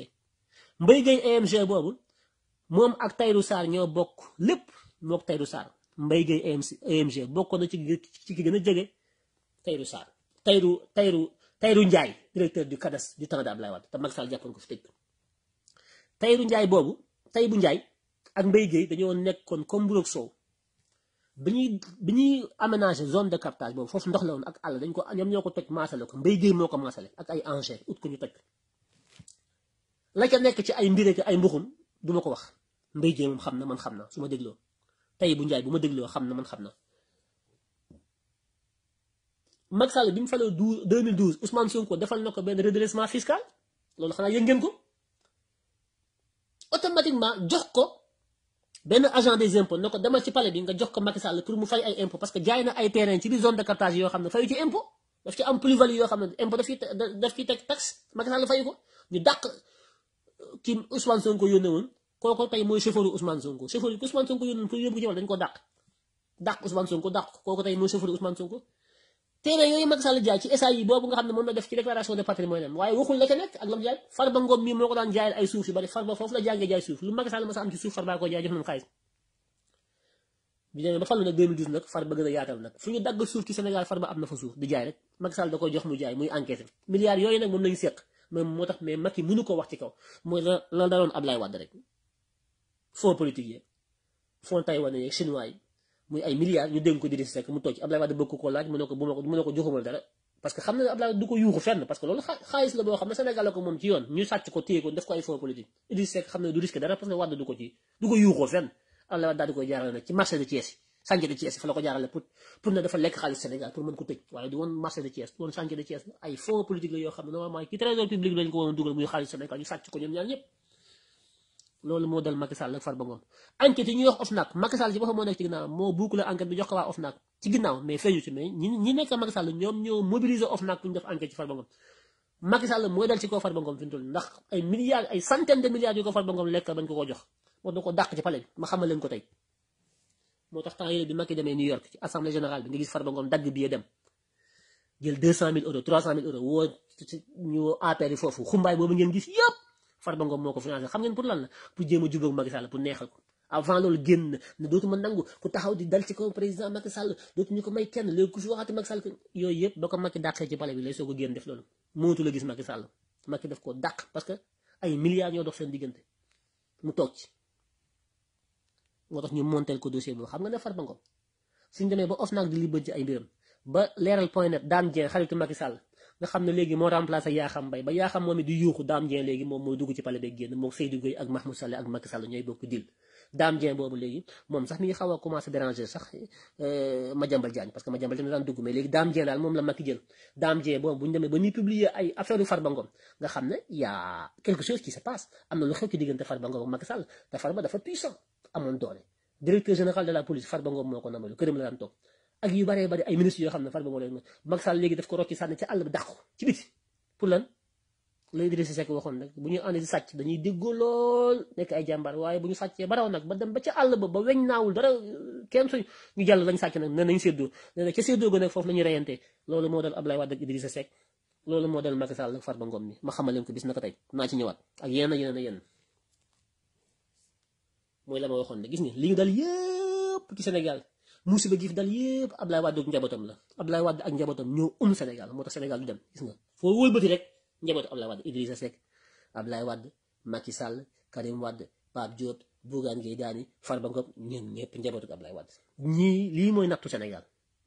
Mbaye Gueye EMG boobu moom ak Tayrou Sarr ñoo bokk lépp mook Tayrou Sarr Mbaye Gueye na ci ci ki gën a jege Tayrou Sarr Tayrou Tayrou Tayrou Ndiaye directeur du cadastre du temps d'Abdoulaye Wade te Macky Sall jàppoon ko fi tëj Tayrou Ndiaye boobu Taybou Ndiaye ak Mbaye Gueye dañoo nekkoon comme mburoog soow bi ñuy bi ñuy aménager zone de captage boobu foofu ndox la woon ak àll dañ ko ñoom ñoo ko toj maasale ko mbéy géey moo ko maasale ak ay engins ut ko ñu toj la ca nekk ci ay mbire ci ay mbuxum du ma ko wax mbéy géey moom xam na man xam na su ma dégloo tey bu njaay bu ma dégloo xam na man xam na. Macky Sall bi mu faloo 2012 Ousmane Sonko defal na ko benn redressement fiscal loolu xanaa yëg ngeen ko automatiquement jox ko. benn agent des impôts ne ko demal ci palais bi nga jox ko Macky pour mu fay ay impôts parce que jaay na ay terrain ci biir zone de yoo xam ne fayu ci impôt daf ci am plus value yoo xam ne impôt daf ciy daf ciy teg taxe ko ñu dàq euh, ki Ousmane Sonko yónnee woon kooku tey mooy chauffeur Ousmane Sonko chauffeur Ousmane Sonko woon pour yóbbu ko ci wàll dañu ko dàq dàq Ousmane Sonko dàq kooku tey mooy chauffeur Ousmane Sonko. téere yooyu Macky Sall jaay ci essai yi boobu nga xam ne moom la def ci déclaration de patrimoine waaye waxul la ca nekk ak lam jaay Farba Ngom mii moo ko daan jaayal ay suuf yu bari Farba foofu la jàngee jaay suuf lu Macky Sall mas a am ci suuf Farba ko jaay nag 2012 nag Farba yaatal nag fu ñu dagg suuf ci Sénégal Farba am fa suuf di jaay rek Macky Sall da koy jox mu jaay muy enquête milliards yooyu nag moom lañu seq mais moo tax mais Macky mënu ko wax ci kaw mooy la la daloon Ablaye Wade rek fonds politique yi fonds taïwanais yi chinois muy ay milliards ñu dénk ko Idrissa Seck mu toog ci Abdoulaye Wade bëgg ko laaj mu ne ko bu ko mu ne ko ko yuuxu la boo xam xam ne du risque du ko ci du ko yuuxoo fenn daal di koy jaarale nag ci marché de Thiès chantier de Thiès fa la ko la yoo xam ne normalement ci trésor public lañ ko woon dugal muy xaalis Sénégal ñu sàcc ko ñoom ñaar ñëpp loolu moo dal Macky Sall ak Farba Ngom enquête yi ñuy wax OFNAC Macky Sall ci boppam moo nekk ci ginnaaw moo boucler enquête bi jox waa OFNAC ci ginnaaw mais feeñu dal ci kaw Farba Ngom fi yu ko Farba Ngom lekk bañ ko ko jox moo na ko dàq ci palais ma xamal leen ko tey moo tax temps yële bi Macky trois cent mille euros woo ñu APR foofu xumbaay boobu ngeen gis yëpp Farba Ngom moo ko financé xam ngeen pour lan la pour jéem a jubóog Macky Sall pour neexal ko avant loolu génn na dootuma nangu ku taxaw di dal ci kaw président Macky Sall dootuñu ko may kenn léegi ku si waxaati Macky Sall yooyu yëpp ba ko Macky dàqee ci palais bi lay soog a génn def loolu mootu ko dàq parce que ay ñoo dox seen diggante mu toog ci moo tax ñu montel ko dossier boobu xam nga ne Farba Ngom suñ demee ba of naag di libbal ci ay mbiram ba leeral point net daan jeen xaritu Macky Sall nga xam ne léegi moo remplacé Yakham Mbaye ba Yakham moom it di yuuxu Dame Dieng léegi moom mooy dugg ci palais beeg génn moom Seydou sax mi ngi xaw a déranger sax euh, Madiambal Diagne parce que Madiambal Diagne moom la Macky jël Dame Dieng boobu bu ñu demee ba ñuy publier ay affaire yu Farba Ngom nga xam ne y a quelque chose qui se passe am na lu xew ci diggante Farba Ngom ak Macky Sall te Farba dafa puissant amoon doole directeur général de la police Farba Ngom moo ak yu bare bare ay ministre yo xamne farba mo ba moo leen Macky Sall léegi daf ko rocci sànni ci àll bi dàq ci biti pour lan lay Idrissa Seck waxoon nag bu ñuy ànd di sacc dañuy déggoo lol nek ay jambar waye buñu ñu baraw nak ba dem ba ci àll ba ba weñ nawul dara kenn suñ ñu jall lañ sàcc nak ne nañ séddoo ne na ca séddoo ga nag foofu la ñu reyantee dal ablay wad ak Idrissa sek loolu mo dal mak Sall Farba Ngom ni ma xamal leen ko bis naka tay na ci ñewat ak yenn yeneen a yenn mooy la ma gis ni li dal yépp ci Sénégal musiba gif dal yeb ablay wad ak njabotam la ablay wad ak njabotam ñoo um senegal moo tax Sénégal du dem gis nga foo beuti rek njabot ablay wad Idrissa sek ablay wad Macky Sall Karim wad pap Diop Bougane Gueye Dany ngop ñen ñep njabot ak ablay wad ñi li moy nattu senegal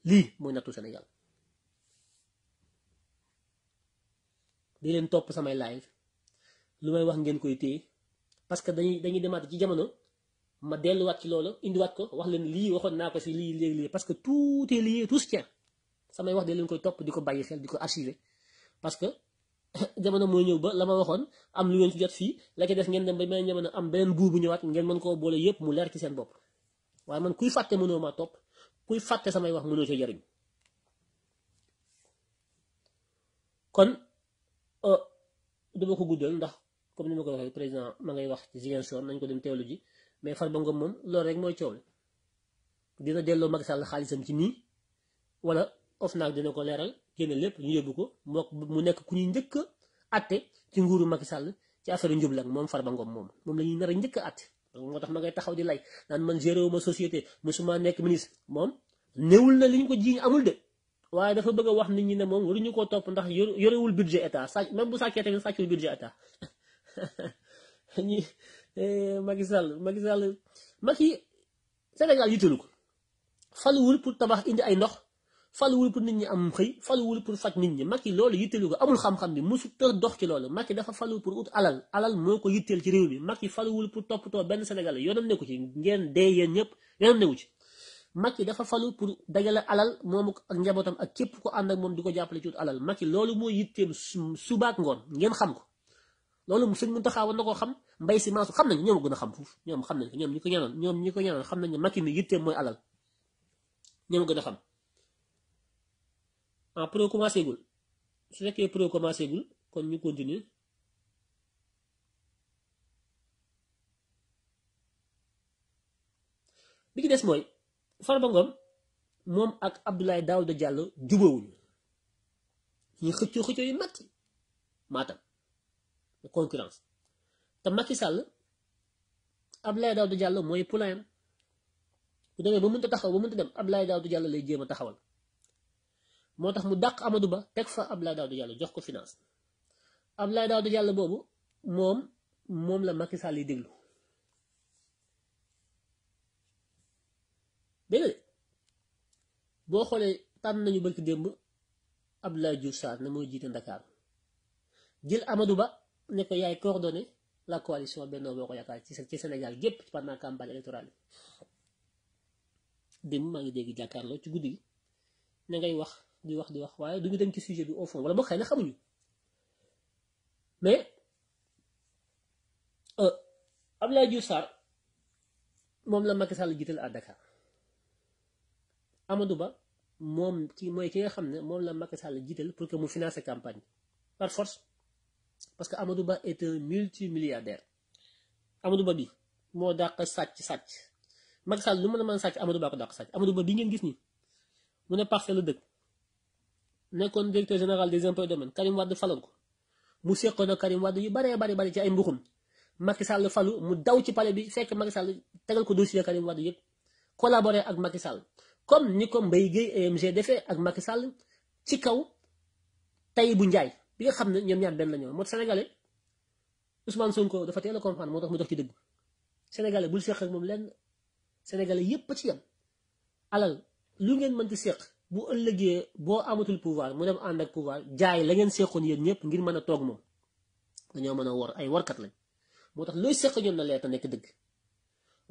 li moy senegal di len top sama live lumay may wax ngeen koy tey parce que dañuy dañuy demat ci jamono ma wat ci indi wat ko wax len li waxon nako ci li leg li parce que tout est lié tout tient samay wax de len koy top di ko xel di ko archiver parce que <laughs> jamono mooy ñew ba lama waxon am lu ngeen ci jot fi la ci def ngeen dem ba may ñamana am benen bu bu ñewat ngeen mën ko bolé yépp mu leer ci seen bop way man kuy fàtte mëno ma top kuy fàtte samay wax mëno ci jariñ kon euh, dama ko guddal ndax comme ni ma ko waxee président ma ngay wax ci Ziguinchor nañ ko dem teewlu ji mais Farba Ngom moom loolu rek mooy coow dina delloo Macky Sall xaalisam ci nii wala OFNAC dina ko leeral génne lépp ñu yóbbu ko mu nekk ku ñuy njëkk a ci nguuru Macky Sall ci affaire njublang moom far ba ngoom moom moom la ñuy nar a njëkk a atte tax ma ngay taxaw di lay naan man gérer ma société musuma nekk ministre moom néewul na li ñu ko jiiñ amul de waaye dafa bëgg a wax nit ñi ne moom waruñu koo topp ndax yo yorewul budget état sàcc bu sàccee tamit sàccul budget état <laughs> Eh, Macky Sall Macky Sall Macky Sénégal yitteelu ko faluwul pour tabax indi ay ndox faluwul pour nit ñi am xëy faluwul pour faj nit ñi yi loolu yitteelu ko amul xam-xam bi musu tër dox ci loolu Macky dafa falu pour ut alal moo ko yitteel ci réew mi Macky faluwul pour toppatoo benn Sénégal yoonam nekku ci ngeen dee ñëpp yoonam nekku ci Macky dafa falu pour dajale alal moom ak njabootam ak képp ko ànd ak moom di ko jàppale ci ut alal Macky loolu moo yitteem subaak ngoon ngeen xam ko loolu sëñ Mountakha war na koo xam mbay si maasu xam nañ ñoom gën a xam foofu ñoom xam nañ ñoom ñi ko ñaanal ñoom ñi ko ñaanal xam nañ ne Macky ni yitte mooy alal ñoom gën a xam ah pro commencé gul su fekkee pro commencé gul kon ñu continuer bi ci des mooy Farba moom ak Abdoulaye Daouda Diallo jubóowuñu ñu xëccoo xëccoo yu mag Matam concurrence te Macky Sall Abdoulaye du jàll mooy poulain bu demee ba mënta taxaw ba mënta dem Abdoulaye Daouda Diallo lay jéem a taxawal moo tax mu dàq Amadou Ba teg fa Abdoulaye Daouda Diallo jox ko finance Abdoulaye Daouda Diallo boobu moom moom la Macky Sall yi déglu dégg boo xoolee tànn nañu barki démb Abdoulaye Diouf Sarr ne mooy jiite Ndakaaru jël Amadou Ba ne ko yaay coordonné la coalition Benno Bokk Yaakaar ci Sénégal yépp pendant campagne électorale bi démb maa ngi dégg jàkkaarloo ci guddi gi na ngay wax di wax di wax waaye du ñu dem ci sujet bi au fond wala boo xëy na xamuñu mais euh, Abdoulaye Diouf Sarr mom la Macky Sall jiital à Dakar Amadou Ba moom ki moy ki nga xamne mom la Macky Sall jiital pour que mu financer campagne par force parce que Amadou Ba est un multimilliardaire Amadou Ba bi moo dàq satch sàcc Macky Sall lu mën a mën Amadou Ba ko dàq satch Amadou Ba bi ngeen gis nii mu ne parcelle deuk dëkk nekkoon directeur général des impôts de domaines Karim Wade faloon ko mu seqoon ak Karim Wade yu baree bari bari ci ay mbuxum Macky Sall falu mu daw ci palais bi fekk Macky Sall tegal ko dossier Karim Wade yëpp collaborer ak Macky Sall comme ni ko Mbaye Guèye EMG defee ak Macky Sall ci kaw Tahibou Ndiaye bi nga xam ne ñoom ñaar benn la ñoo moo sénégalais Ousmane ko dafa teel a moo tax mu dox ci dëgg sénégalais bul séq ak moom lenn senegale yépp a ci yem alal lu ngeen mënti séq bu ëllëgee boo amatul pouvoir mu dem ànd ak pouvoir jaay la ngeen séqoon yéen ñëpp ngir mën a toog moom dañoo mën a wor ay warkat lañ moo tax looy séq ñoom na leer te nekk dëgg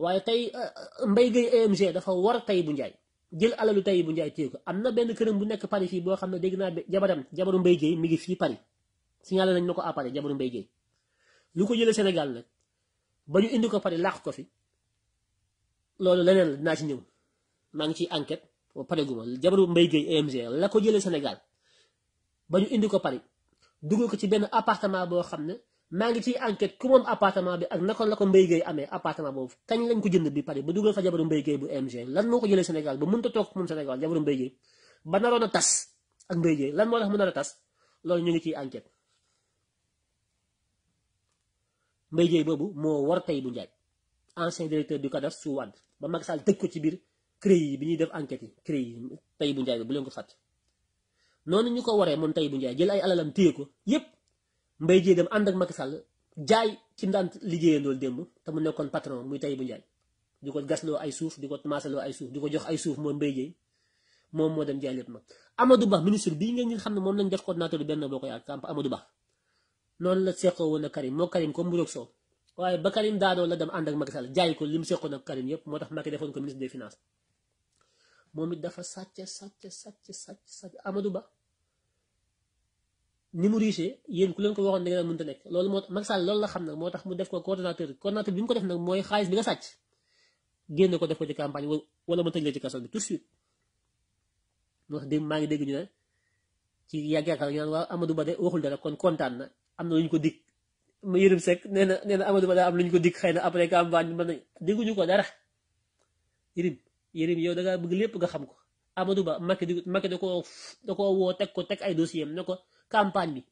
waaye tey euh, Mbaye Gueye EMG dafa war tey bu njaay jël alalu Tahibou bu njaay ko am na benn këram bu nekk Paris fii boo xam ne dégg naa jabaram jabaru mbay Guèye mi ngi fii Paris signalé nañ ma ko à Paris jabaru Mbaye lu ko jëlee Sénégal nag ba ñu indi ko Paris laax ko fi loolu leneen la dinaa ci ñëw maa ngi ciy enquête ba pare gu ma jabaru Mbaye Guèye EMG la ko jëlee Sénégal ba ñu indi ko Paris dugg ko ci benn appartement boo xam ne mangi ci enquête ku mom appartement bi ak nakon la ko mbey gay amé appartement bobu kañ lañ ko jënd bi paré ba duggal fa jabaru mbey gay bu MG lan moko jëlé Sénégal ba mënta tok mom Sénégal jabaru mbey gay ba na a tas ak mbey gay lan mo tax mu nar a lool ñu ngi ci enquête mbey gay bobu mo war tay bu njaay ancien directeur du cadastre su wad ba mag sal tëj ko ci bir créé bi ñuy def enquête créé tay bu njaay bu leen ko fat nonu ñuko waré mon tay bu njaay jël ay alalam tiyé ko yépp mbay jee dem ànd ak Macky Sall jaay ci ndaan liggéeyandool démb te mu nekkoon patron muy tey bu njaay di ko gasloo ay suuf di ko maasaloo ay suuf di ko jox ay suuf moom mbay jee moom moo dem jaay lépp nag Amadou Ba ministre bii ngeen xam ne moom lañ def coordinateur benn boo ko yaa camp Amadou Ba noonu la seqoo woon ak Karim moo Karim comme mburoog soow waaye ba Karim daanoo la dem ànd ak Macky Sall jaay ko li mu seqoon ak Karim yëpp moo tax Macky defoon ko ministre des finances moom it dafa sàcc sàcc sàcc sàcc Amadou Ba ni mu riche yéen ku leen ko waxoon da ngeen mënta nekk loolu moo la xam nag moo tax mu def ko coordonnateur coordonnateur bi mu ko def nag mooy xaalis bi génn ko def ko ci wala ma tëj la ci kaso bi tout de dégg maa ngi dégg ñu ne ci yàgg yaakaar ñu naan waaw Amadou Ba de waxul dara kon kontaan na am na lu ko dig ma yërëm sekk nee na nee na Amadou am lu ñu ko dig xëy na après campagne bi mën nañ dégguñu ko dara yërëm yërëm yow da ngaa lépp nga xam ko Amadou Ba Macky Macky da koo da koo woo teg ko teg ay dossier am ne ko campagne bi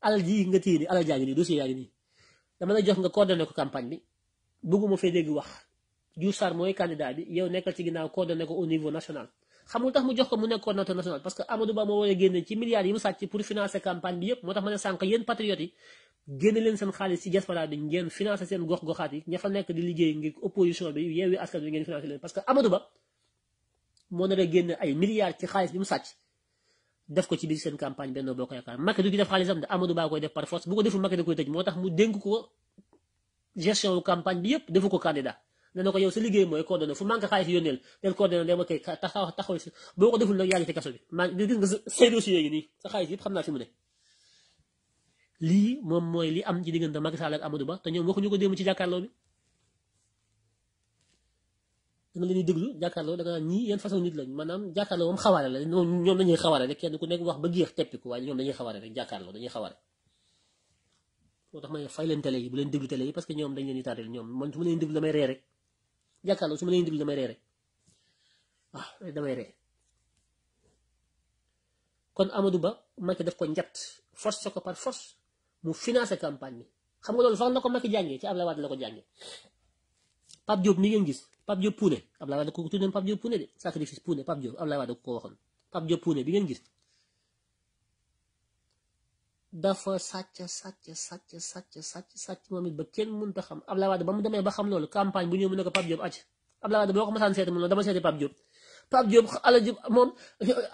alal ji nga tiri ala alal jaa ngi nii dossier yaa ngi nii dama la jox nga coordonné ko campagne bi bëgguma fee dégg wax Diouf Sarr mooy candidat bi yow nekkal ci ginnaaw coordonné ko au niveau national xamul tax mu jox ko mu nekk coordonnateur national parce que Amadou Ba moo war a génne ci milliards yi mu sàcc pour financer campagne bi yëpp moo tax ma ne sànq yéen patriotes yi génne leen seen xaalis ci diaspora bi ngeen financer seen gox-goxaat yi ña fa nekk di liggéey ngir opposition bi yeewi askan bi ngeen financer leen parce que Amadou Ba moo nar a génne ay milliards ci xaalis bi mu sàcc def ko ci biir seen campagne Benno Bokk Yaakaar Macky du ci def xaalisam de Amadou Ba koy def par force bu ko deful Macky da koy tëj moo tax mu dénk ko gestion wu campagne bi yëpp defu ko candidat nee na ko yow sa liggéey mooy coordonné fu manque xaalis yónneel del coordonné dama koy taxaw taxaw si boo ko deful nag yaa ngi ci kaso bi maa ngi gis nga say dossiers yi nii sa xaalis yëpp xam naa fi mu ne lii moom mooy li am ci diggante Macky Sall ak Amadou Ba te ñoom waxuñu ko démb ci jàkkaarloo bi nga leen di déglu jàkkaarloo da nga naan façon nit lañ maanaam jàkkaarloo moom xawaare la ñoom dañuy kenn ku nekk wax ba géex teppiku moo tax may fay leen bu leen déglu télé yi parce que ñoom dañ leen di tardel ñoom man su ma leen déglu damay ree rek jàkkaarloo leen déglu damay ree rek waaw ah, damay ree kon Amadou Ba Macky def ko njatt forcé ko par force mu finance campagne bi xam nga loolu fan na ko Macky jàngee ci Abdoulaye Wade la ko jàngee Pape Diop mi ngeen gis Pape pune Pouné Abdoulaye Wade ko tuddoon Pape Diop Pouné de sacrifice pune Pape Diop Abdoulaye Wade ko ko waxoon Pape Diop Pouné bi ngeen gis dafa satcha satcha satcha satcha satcha satcha moom ba kenn mënta xam Abdoulaye Wade ba mu demee ba xam lolu campagne bu ñëw mu ne ko Pape Diop acc Abdoulaye Wade boo ko masaan seete mu ne dama sété Pape Diop Pape Diop ala ji moom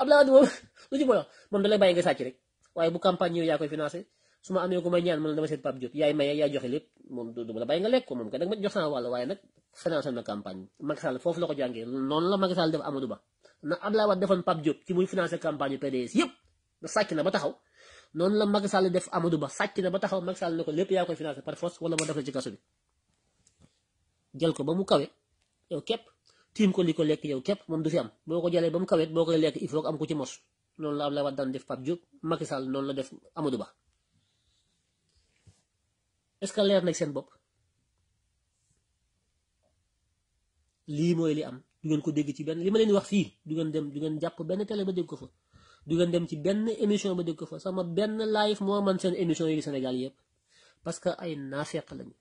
Abdoulaye Wade moom <laughs> lu ci boyo mom moom da lay bàyyi nga sàcc rek waye bu campagne ñëw ya koy financer suma amé ko ma ñaan mu dama sété Pape Diop yaay maye yaa joxé lepp mom du ma la bàyyi nga lek ko mom ka da ma jox sa wàll waye nak financé na campagne Macky Sall foofu la ko jàngee noonu la Macky Sall def Amadou Ba na Abdoulaye Wade defoon Pape Diop ci muy financé campagne PDS yëpp sàcc na ba taxaw noonu la Macky Sall def Amadou Ba sàcc na ba taxaw Macky Sall ne ko lépp yaa koy financé par force wala jël ko ba mu kawe képp tiim ko li ko lekk yow képp moom du fi am boo ko jëlee ba mu kawe boo koy lekk il faut que ko ci mos noonu la Abdoulaye Wade daan def Pape Diop Macky Sall noonu la def Amadou Ba est-ce que leer na seen bopp. li moy li am du ngeen ko dégg ci benn li ma leen wax fii du ngeen dem du ngeen jàpp benn télé ba dégg ko fa du ngeen dem ci benn émission ba dégg ko fa sama benn live moo man seen émission yi Sénégal yëpp parce que ay naafeq lañu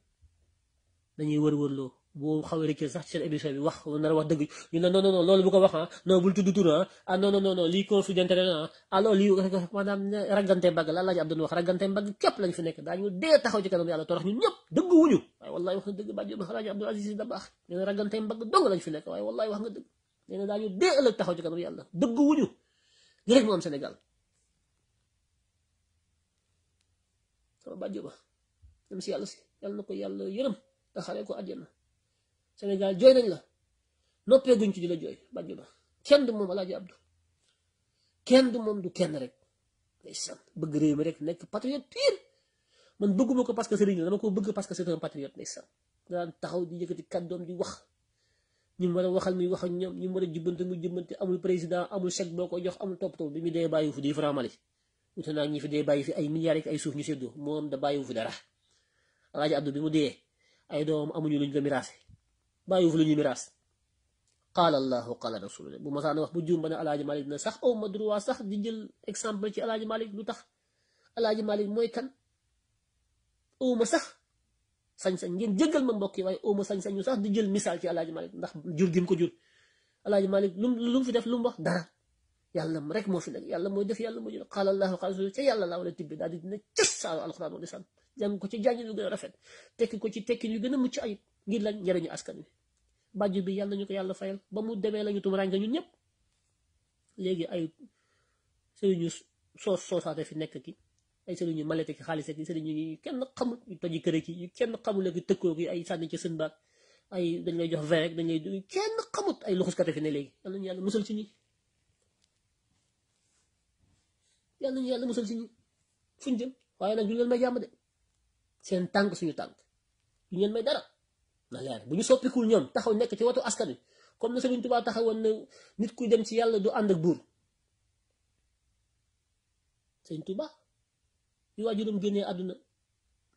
dañuy wër-wërloo boo xaw a rëccee sax ci seen émission bi wax nar a wax dëgg ñu ne non loolu bu ko wax ah non bul tudd tur ah ah non non non lii conflit d'intérêt ah alors lii maanaam raggante mbagg la laa ji ab képp lañ fi nekk daañu dee taxaw ci kanam yàlla torox ñun ñëpp dëgguwuñu waaye wallaahi dëgg bàjjo alaaji Abdul Aziz da ba nee na raggante mbagg dong lañ fi nekk waaye wallaahi wax nga dëgg nee na daañu dee ëllëg taxaw ci kanam yàlla dëgguwuñu li rek moo am Sénégal sama bàjjo ba si yàlla si yàlla na ko yàlla yërëm te xale ko àjjana Sénégal joy nañ la noppé guñ ci di la jooy ba kenn du moom alaaji Abdou kenn du mom du kenn rek ndeysaan bëgg réew mi rek nek patriote pire man bëgguma ko parce que sëriñ la dama ko bëgg parce que c'est un patriote ndeysaan daan taxaw di yëkëti kaddom di wax ñu mëna war mi waxal muy wax ak ñoom mu jubante muy amul président amul chef boko jox amul top bi mi dee bayu fu di franc mali wute ñi fi dee bayu fi ay milliards ak ay souf ñu séddoo mom da bayu fu dara alaaji Abdou bi mu dé ay doom amuñu luñu ko miraase bàyyi fu lu ñuy miraas qaala allahu qaala rasulullah bu masaana wax bu juum ba ne alaaji malik na sax aw ma droit sax di jël exemple ci alaaji malik lu tax alaaji malik mooy kan aw ma sax sañ-sañ ngeen jëggal ma mbokk yi waaye aw ma sañ-sañu sax di jël misaal ci alaaji malik ndax jur gi mu ko jur alaaji malik lu lu mu fi def lu mu wax dara yàlla rek moo fi nekk yàlla mooy def yàlla mooy jël qaala allahu qaala rasulullah ca yàlla laa wala tibbi daal di dina cës saaru alxuraan wa di sàn jàng ko ci jàng yu gën a rafet tekki ko ci tekkin yu gën a mucc ayib ngir lañ njariñu askan wi bàjj bi yàlla ñu ko yàlla fayal ba mu demee lañu tumuraanke ñun ñëpp léegi ay sëriñu soos soosaate fi nekk ki ay sëriñu malete ki xaalis ki sëriñu yi kenn xamul yu toji kër ki yu kenn xamul ak tëkkoo ki ay sànni ci sën baat ay dañ lay jox rek dañ lay kenn xamut ay luxuskate fi ne léegi yàlla ñu yàlla musal ci ñi yàlla ñu yàlla musal ci ñi fuñ jëm waaye nag du leen may jàmm de seen tànk suñu tànk du leen may dara na leer buñu ñu soppikul ñom taxaw nek ci watu askan wi comme na serigne touba taxawon na nit kuy dem ci yalla du and ak buur Sëriñ Tuubaa gene aduna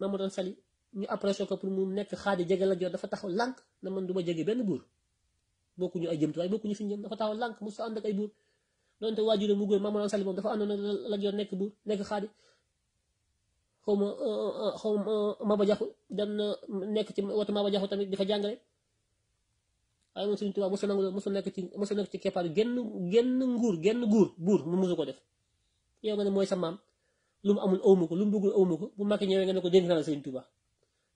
ma mo don Sali ñu apprécié ko pour mu nek xadi jégal ak jot dafa taxaw lank na man duma ma ben bur buur ñu ay jëmtuwaay bokkuñu fi ñu jëm dafa taxaw lank mu sa and ak ay bur donte waajuram mu mo don Sali mom dafa àndoon la jor nek bur nek xadi xaw ma euh, euh, euh, xaw ma Maba Jaxu nekk ci watu Maba Jaxu tamit di fa jàngale waaye moom Sëriñ Tuubaa mosul nangu mosul nekk ci mosul nekk ci keppaar genn genn nguur genn guur buur mu mosu ko def yow nga ne mooy sa maam lu mu amul awma ko lu mu bëggul awma ko bu Macky ñëwee nga ne ko dénk naa la Sëriñ Tuubaa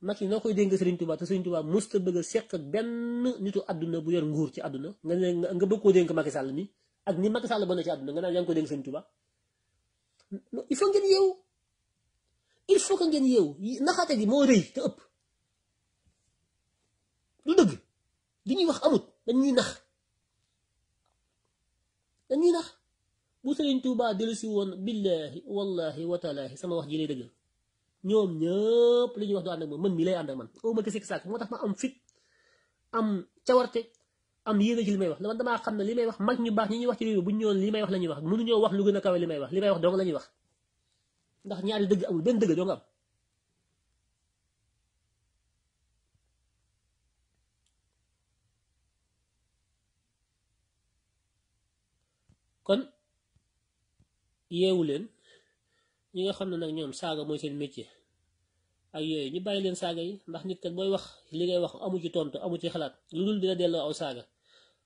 Macky noo koy dénk Sëriñ Tuubaa te Sëriñ Tuubaa musta bëgg a ak benn nitu àdduna bu yor nguur ci àdduna nga ne nga bëgg koo dénk Macky sàll mi ak ni Macky Sall ba ne ci àdduna nga naan yaa ngi ko dénk Sëriñ Tuubaa il faut ngeen yow il faut que ngeen yeewu naxaate gi moo rëy te ëpp lu dëgg li ñuy wax amut dañ ñuy nax dañ ñuy nax bu Sëriñ Tuubaa dellusi woon billaahi wallaahi wataalaahi sama wax ji lay dëggal ñoom ñëpp li ñuy wax du ànd ak man man lay ànd ak man au moins que moo tax ma am fit am cawarte man mag ñu baax ñi ñuy wax ci réew bu ñu ñëwoon li may wax la ñuy wax mënuñoo wax lu gën a kawe li may wax li may wax dong la ñuy wax. ndax ñaari dëgg amul benn dëgg doo nga am kon yeewu leen ñi nga xam ne nag ñoom saaga mooy seen métier ak yooyu ñu bàyyi leen saaga yi ndax nit kat booy wax li ngay wax amu ci tontu amu ci xalaat lu dul dina delloo aw saaga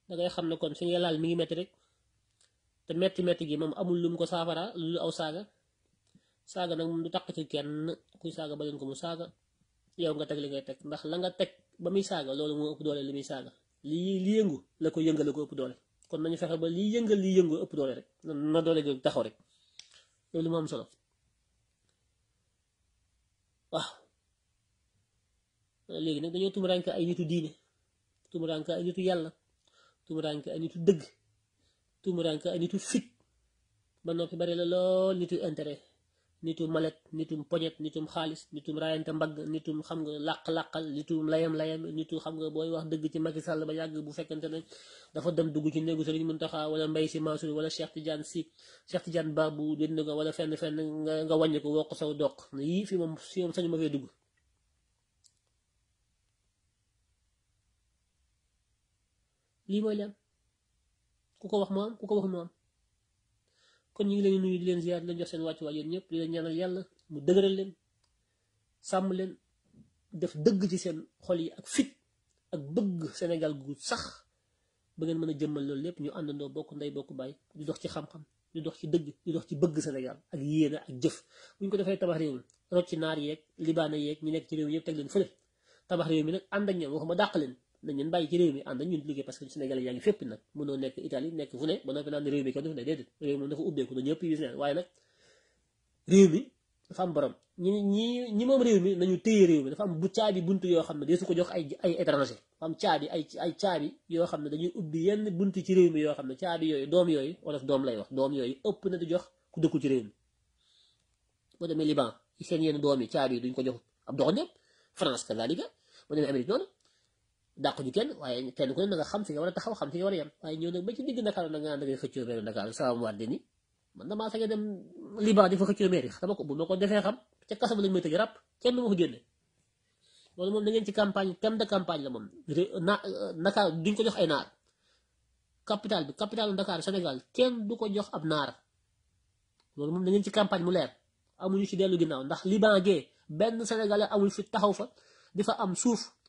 dangay xam ne kon si nga laal mi ngi metti rek te metti metti gi moom amul lu mu ko saafara lu dul aw saaga saaga nag moom du taq ci kenn kuy saaga ba leen ko mu saaga yow nga teg li ngay teg ndax la nga teg ba muy saaga loolu moo ëpp doole li muy saaga lii li yëngu la ko yëngal la ko ëpp doole kon nañu fexe ba lii yëngal liy yëngu ëpp doole rek na doole gi taxaw rek loolu moo am solo waaw léegi nag dañoo tumuraanke ay nitu diine tumuraanke ay nitu yàlla tumuraanke ay nitu dëgg tumuraanke ay nitu fit ba noppi bari la lool nitu intérêt nitum malet nitum poñet nitum khalis nitum rayante mbag nitum xam nga lak lakal nitum layam layam nitum xam nga boy wax deug ci Macky Sall ba yag bu fekkante ne dafa dem dug ci negu Serigne muntaha wala mbay Sy Mansour wala Cheikh Tidiane Sy Cheikh Tidiane babu den nga wala fenn fenn nga nga wagne ko wok saw dok yi fi mom si mom sañu ma dug li kuko wax mom kuko wax mom kon ñu ngi leen nuyu di leen ziar di leen jox seen wàccu waay yéen ñëpp di leen ñaanal yàlla mu dëgëral leen sàmm leen def dëgg ci seen xol yi ak fit ak bëgg Sénégal gu sax ba ngeen mën a jëmmal loolu lépp ñu àndandoo bokk ndey bokk baay di dox ci xam-xam di dox ci dëgg di dox ci bëgg Sénégal ak yéene ak jëf bu ñu ko defee tabax réew mi rocci naar yeeg libaana yeeg ñu nekk ci réew yëpp teg leen fële tabax réew mi nag ànd ak ñoom waxuma dàq leen nañ leen bàyyi ci réew mi ànd ak ñun liggéey parce que Sénégal yaa ngi fépp nag mënoo nekk Italie nekk fu ne ba noppi naan réew mi kenn du fu ne déedéet réew mi dafa ubbeeku na ñëpp yi ne waaye nag réew mi dafa am borom ñi ñi ñi moom réew mi nañu téye réew mi dafa am bu caabi buntu yoo xam ne deesu ko jox ay ay étranger dafa am caabi ay ay caabi yoo xam ne dañuy ubbi yenn buntu ci réew mi yoo xam ne caabi yooyu doom yooyu wolof doom lay wax doom yooyu ëpp na di jox ku dëkku ci réew mi boo demee Liban seen yenn doom yi caabi yi duñ ko jox ab doxandéem France kazalika boo demee Amérique noonu dàq ju kenn waaye kenn ku ne na nga xam fi nga war a taxaw xam fi nga war a yem waaye ñëw nag ba ci digg Dakar nag nga da ngay xëccoo Dakar sama waat ni man damaa fexe dem Liban di fa xëccoo meeri dama ko bu ma ko defee xam ca kasam lañ may tëj ràpp kenn ma ko génne loolu moom na ngeen ci campagne thème de campagne la moom na Dakar duñ ko jox ay naar capital bi capital Dakar Sénégal kenn du ko jox ab naar loolu moom na ci campagne mu leer amuñu ci dellu ginnaaw ndax Liban gee benn Sénégalais amul fi taxaw fa di am suuf